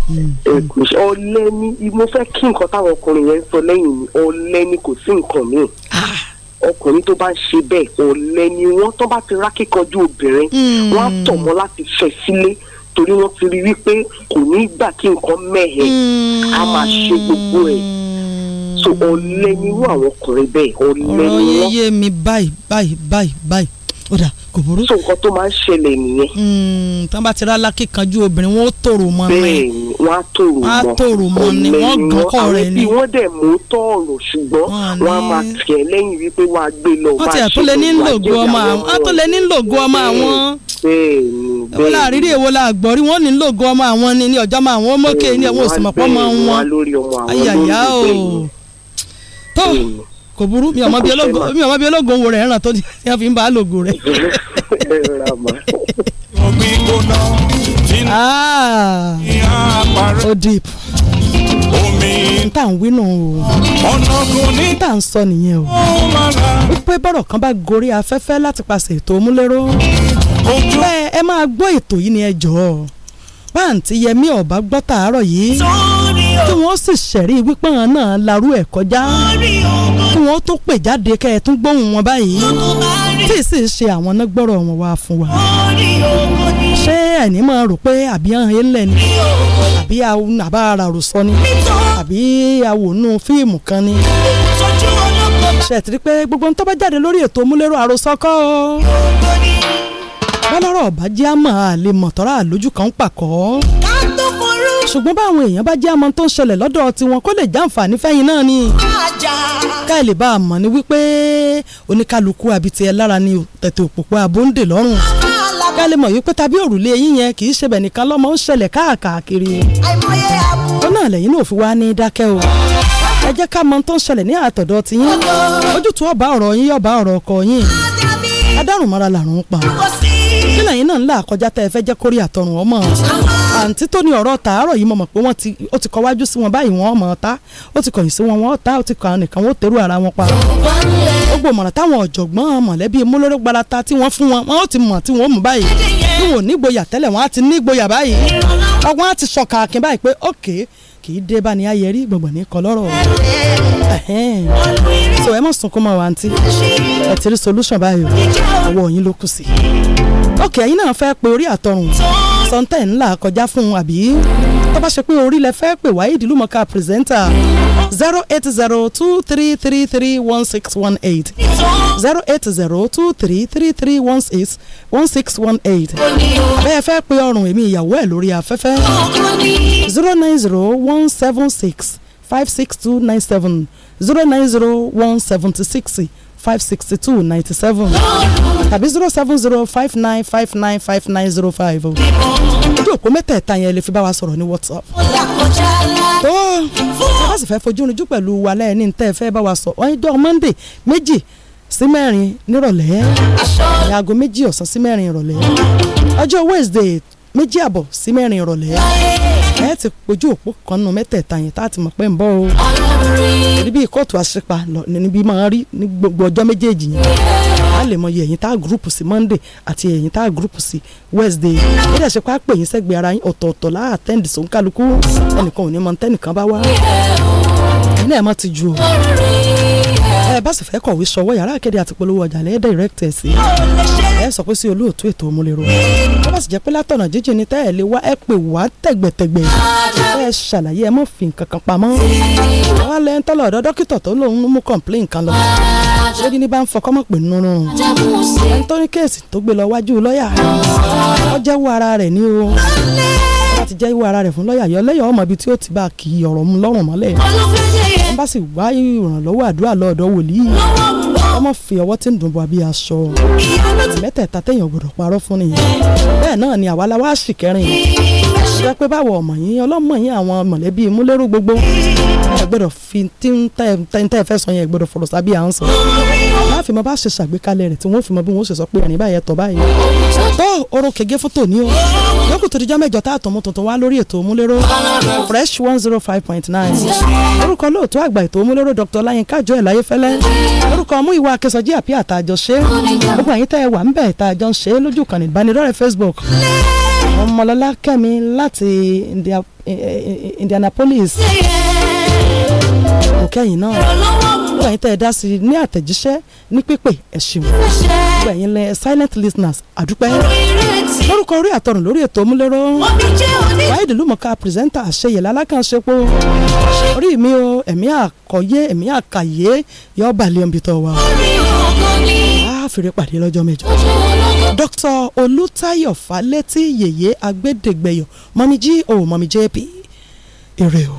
Hmm, hmm. ọ̀lẹ ni mo fẹ́ kí nǹkan táwọn ọkùnrin yẹn sọ lẹ́yìn mi ọ̀lẹ ni kò sí nǹkan mi ah. ọkùnrin tó bá ń ṣe bẹ́ẹ̀ ọ̀lẹ ni wọ́n tó bá ti rákìkanjú obìnrin hmm. wọ́n á tọ̀ láti fẹ́ sílé torí wọ́n ti rí wípé kò ní gbà kí nǹkan mẹ́hẹ̀ á máa ṣe gbogbo ẹ̀ so ọ̀lẹ ni irú àwọn ọkùnrin bẹ́ẹ̀ ọ̀lẹ ni wọ́n. ọ̀rọ̀ yẹn yé mi báyìí báyìí báyìí báyìí ó dà kò burú. so nǹkan tó máa ń ṣẹlẹ̀ nìyẹn. Hmm, tán bá ti rá lákì kanjú obìnrin wọn ó tòrò mọ ni. bẹ́ẹ̀ni wọn á tòrò mọ wọn á tòrò mọ ni wọn gan kọ rẹ ni. àwọn ibi wọn dẹ̀ mú tọ̀ọ̀rọ̀ ṣùgbọ́n wọn á máa tẹ̀ lẹ́yìn wípé wọn á gbé lọ. wọ́n ti àtúlẹ̀ ní lògùn ọmọ àwọn wọn láàrírí èwo la gbọ́ rí wọ́n ní lóògùn ọmọ àwọn ni ní ọjọ́ máa wọ́n mọ́kè ní àwọn òsèmọ̀pọ̀ o tó kò burú mi ọmọ bíi ológun wo rẹ̀ ẹ̀ràn tó ní ẹ̀ fi ń bá lògùn tá à ń wí nù o tá à ń sọ nìyẹn o wípé bọ́rọ̀ kan bá gorí afẹ́fẹ́ láti paṣẹ ètò omúlérò bẹ́ẹ̀ ẹ máa gbọ́ ètò yìí ni ẹ jọ̀ọ́ báǹtí yẹmí ọ̀bá gbọ́ tàárọ̀ yìí tí wọ́n sì ṣẹ̀rí wípọ́n náà larú ẹ̀ kọjá kí wọ́n tó pè jáde kẹ́ ẹ tún gbóhùn wọn báyìí tí ì sì ṣe àwọn náà wọn wá fún wa ṣé tẹ́ẹ̀ ní máa rò pé àbí ahọ́n elẹ̀ ni àbí àbá ara rò sọ ni àbí àwònú fíìmù kan ni ṣètìrí pé gbogbo ń tó bá jáde lórí ètò múlẹ́rọ àròsọ kọ́ ọ́ bọ́lọ́rọ̀ ọ̀bá jẹ́ àmọ́ àlè mọ̀tọ́rà lójú kan ń pàkọ́ ṣùgbọ́n báwọn èèyàn bá jẹ́ àmọ́ tó ń ṣẹlẹ̀ lọ́dọ̀ tiwọn kó lè jàǹfààní fẹ́yìn náà ni ká bá a mọ̀ ni wípé oníkálukú àbí tiẹ̀ lára ni tètè òpópó abóńdè lọ́rùn. tálákà lè mọ̀ yìí pé tàbí òrùlé yín yẹn kì í ṣe bẹ̀ nìkan lọ́mọ ń ṣẹlẹ̀ káàkiri ó náà lẹ́yìn náà fi wá ní dákẹ́ o ẹ jẹ́ ká mọ tó ń ṣẹlẹ̀ ní àtọ̀dọ̀ tiyín ojútùú ọba ọ̀rọ̀ ọkọ yín. adárùnmọ́ra làrùn ń pa kí lẹ́yìn náà ń là tẹ́ ẹ fẹ́ jẹ́ kórè àtọrùn ọmọ àǹtí tó ní ọ̀rọ̀ tàárọ̀ yìí mo mọ̀ pé wọ́n ti kọ́ wájú sí wọn báyìí wọ́n ọmọ ọ̀tá ó ti kọ̀yìn sí wọn wọ́n ọ̀tá ó ti kọ̀ nìkan wọ́n ó tẹ̀rù ara wọn pa ó gbòmọ̀ràn táwọn ọ̀jọ̀gbọ́n mọ̀lẹ́bí múlóró gbarata tí wọ́n fún wọn wọ́n ó ti mọ̀ tí wọ́n ó mú báyìí bí nígboyà tẹ́lẹ̀ wọ́n á ti nígboyà báyìí ọgbọ́n á ti sọ̀kà akin báyìí pé ókè kì í dé bá ní ayẹrí gbọ̀ngbọ̀n ní kọlọ́rọ̀ so ẹ mọ̀ sunkún mọ́ wa àǹtí ẹ ti rí solution báyìí ọwọ́ yín ló kù sí. ok ẹ̀yin náà fẹ́ pe orí àtọrùn. sọ́ńtẹ̀ ńlá kọjá fún un àbí tó bá ṣe pé orí lẹ fẹ́ pè wá ìdílùmọ̀ká pírẹsẹ́ńtà zero eight zero two three three three one six one eight zero eight zero two three three three one six one six one eight bẹ́ẹ̀ fẹ́ pé ọrùn èmi ìyàwó ẹ̀ lórí afẹ́fẹ́ zero nine zero one seven six five six two nine seven zero nine zero one seventy six. five sixty two ninety seven tàbí zero seven zero five nine five nine five nine zero five o. ojú òpó mẹ́tẹ̀ẹ̀ta yẹn lè fi bá wa sọ̀rọ̀ ní whatsapp. tó bá sì fẹ́ fojú rinjú pẹ̀lú wa lẹ́yìn ní tẹ́ fẹ́ bá wa sọ wọ́n jọ monday méjì sí mẹ́rin nírọ̀lẹ́ aago méjì ọ̀sán sí mẹ́rin ìrọ̀lẹ́ ọjọ́ wednesday méjì àbọ̀ sí mẹ́rin ìrọ̀lẹ́ ẹ ti pojú òpó kan nù mẹ́tẹ̀ẹ̀ta yẹn tá a ti mọ̀ pé ń bọ̀ o níbi kóòtù àṣepa níbi máa rí ní gbogbo ọjọ́ méjèèjì yẹn a lè mọ ẹ̀yìn tá a gúrùpù sí Monday àti ẹ̀yìn tá a gúrùpù sí Wednesday ó dẹ̀ ṣe pé yín sẹ́gbẹ̀ẹ́ ara yín ọ̀tọ̀ọ̀tọ̀ láà tẹ́ǹdì sóńkálukú ẹnìkan ò ní mọ tẹ́nìkan bá wá ẹ̀yin ẹ̀ mọ́ ti ju o bẹ́ẹ̀ bá sì fẹ́ kọ̀wé sọ̀wọ́ yàrá ìkéde àti polówó ọjà lẹ́yìn direct ẹ̀ sí ẹ sọ pé sí olóòtú ètò òmùlérò tó bá sì jẹ́ pé látọ̀nà jíjìn ni tẹ́ ẹ wá ẹ pè wá tẹ̀gbẹ̀tẹ̀gbẹ̀ ẹ ṣàlàyé ẹ mọ̀ fi nǹkan pamọ́ wọn lẹ́ ń tọ́lọ̀ ọ̀dọ́ dókítà tó lòun mú complain kan lọ lójú ní bá ń fọkọ́ mọ̀ pé nínú ẹni tó ní kéèsì tó gbé lọ wájú lọ́ọ̀yà ó jẹ́wọ́ ara rẹ̀ ní o bá ti jẹ́ ìwé ara rẹ̀ fún lọ́ọ̀yà yọ ọmọ ibi tí ó ti bá kì ọ̀rọ̀ mu lọ́rùn mọ́lẹ̀ wọ́n bá sì wá ìrànlọ́wọ́ àdúrà lọ́ọ̀dọ̀ wòlíì ọmọ fi ọwọ́ tí ń dùn bọ̀ àbí aṣọ mẹ́tẹ̀ẹ̀ta téèyàn gbọ́dọ̀ parọ́ fún nìyẹn bẹ́ẹ̀ náà ni àwa la wá ṣìkẹrin jẹ́ pé báwo ọmọ yín ọlọ́mọ yín àwọn mọ̀lẹ́bí múlẹ́rú gbogbo gbọ́dọ̀ fi tí ń tẹ́ sọ yẹn gbọ́dọ̀ fọ̀rọ̀ sábì à ń sọ. láàfin mo bá ṣe ṣàgbékalẹ̀ rẹ̀ tí wọ́n fi mọ bí wọ́n ṣe sọ pé ẹ̀rìn báyẹn tọ̀ báyìí. tó orun kege fún tòní o lókù tó dijọ́ mẹ́jọ tá àtọ̀mú tuntun wá lórí ètò òmúlérò fresh one zero five point nine orúkọ lóòótọ́ àgbà ètò òmúlérò dr láyínká jọ ẹ̀ láyé fẹ́lẹ́ orúkọ ọmú ìwà akẹ́sọ̀jì àbí àtàjọ ṣe gbogbo àyín ẹ wà ń bẹ̀ tàjọ ń ṣe lójú kan ìbánidọ́rẹ̀ facebook ọmọlọ́lá kẹ́mi láti eh, eh, eh, Indianapolis mo kẹ́yìn náà gbogbo ẹ̀yin tẹ́ ẹ dá sí i ní àtẹ̀jíṣẹ́ ní pípé ẹ̀ ṣeun gbogbo ẹ̀yin lẹ silent listeners àdúpẹ́ lórúkọ orí àtọrùn lórí ètò múlẹ́rọ́ wáyéèdè lùmọ̀ọ́ká pírẹsẹ́ńtà àṣeyẹ̀lẹ̀ alákànṣepọ̀ orí mi o ẹ̀mí àkọ́yé ẹ̀mí àkàyé yọ balẹ̀ ọ̀bì tọ̀ wá fèrè pàdé lọ́jọ́ mẹ́jọ. Dr Olùtayọ̀ Fálétí yèyé agbẹ́dẹ̀gbẹ̀yọ̀ mọ̀mí jí o mọ̀mí jp èrè o.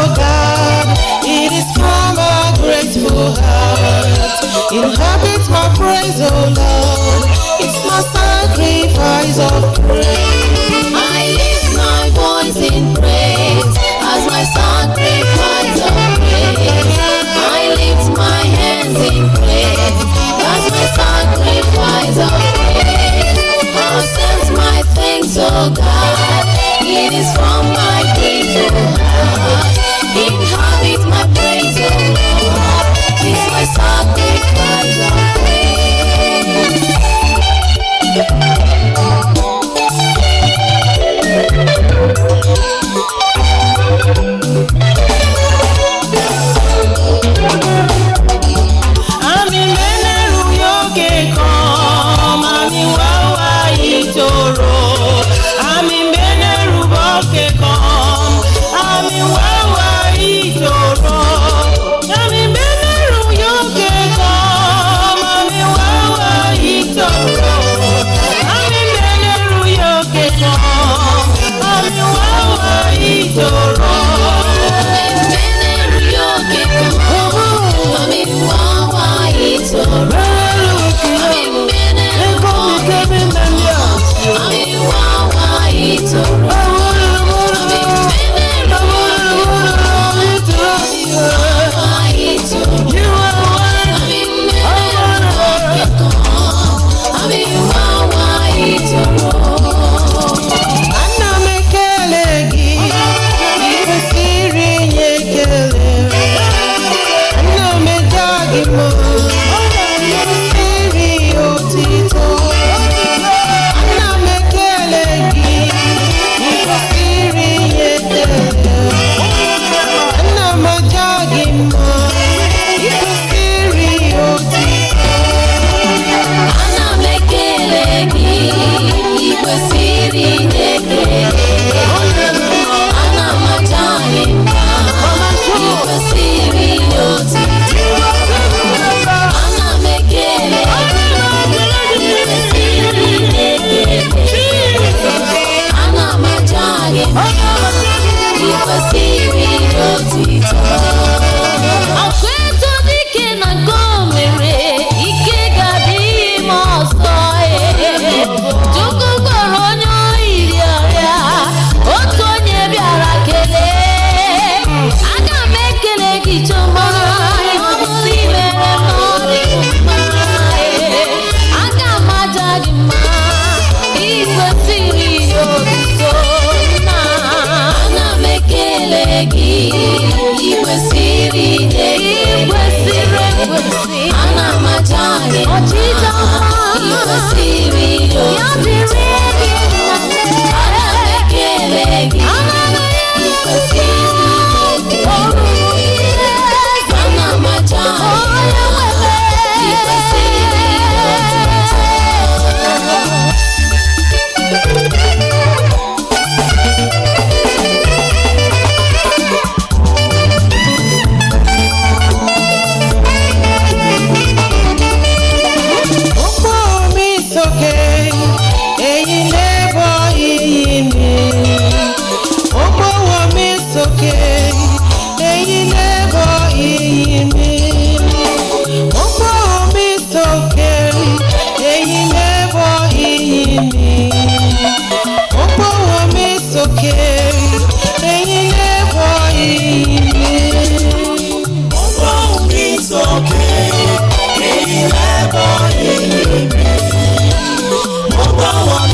oh God, it is from a grateful heart. Inhabit my praise, oh Lord, it's my sacrifice of praise. I lift my voice in praise as my sacrifice of praise. I lift my hands in praise as my sacrifice of praise. I send my thanks, oh God, it is from my grateful heart. Thank you. all around. òkè ẹ̀yin lè wọ ìyè. Ọlọ́run mi sókè ẹ̀yin lè wọ ìyè mi. Ọlọ́run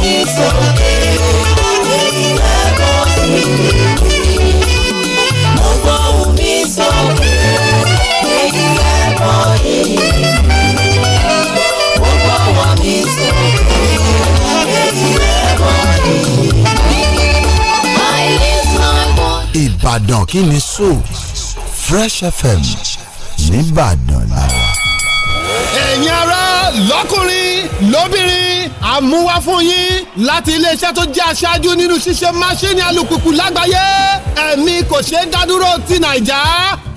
ìbàdàn kí ni so fresh fm nìbàdàn làwà. ẹ̀yin ará lọ́kùnrin lóbìnrin àmúwá fún yín láti iléeṣẹ́ tó jẹ́ aṣáájú nínú ṣíṣe máṣíìnì alùpùpù lágbàáyé ẹ̀mí kò ṣeé dádúró ti nàìjà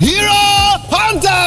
Hero Hunter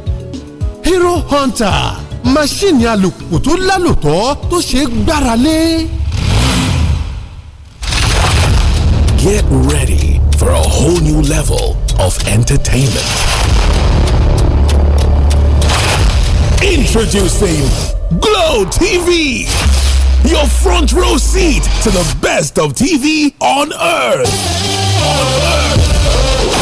hero hunter alùpùpù tó lálòtọ́ tó Get ready for a whole new level of entertainment. Introducing Glow TV, your front row seat to the best of TV on earth. On earth.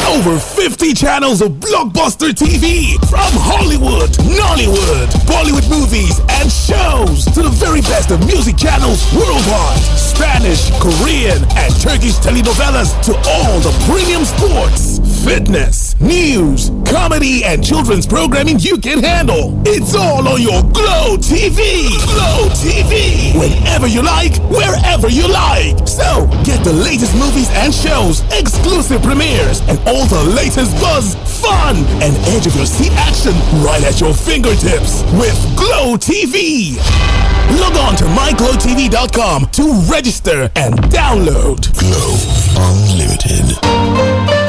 Over 50 channels of blockbuster TV from Hollywood, Nollywood, Bollywood movies, and shows to the very best of music channels worldwide. Spanish, Korean, and Turkish telenovelas to all the premium sports fitness, news, comedy, and children's programming you can handle. It's all on your Glow TV. Glow TV. Whenever you like, wherever you like. So get the latest movies and shows, exclusive premieres, and all the latest buzz, fun, and edge of your seat action right at your fingertips with Glow TV. Log on to myglowtv.com to register and download Glow Unlimited.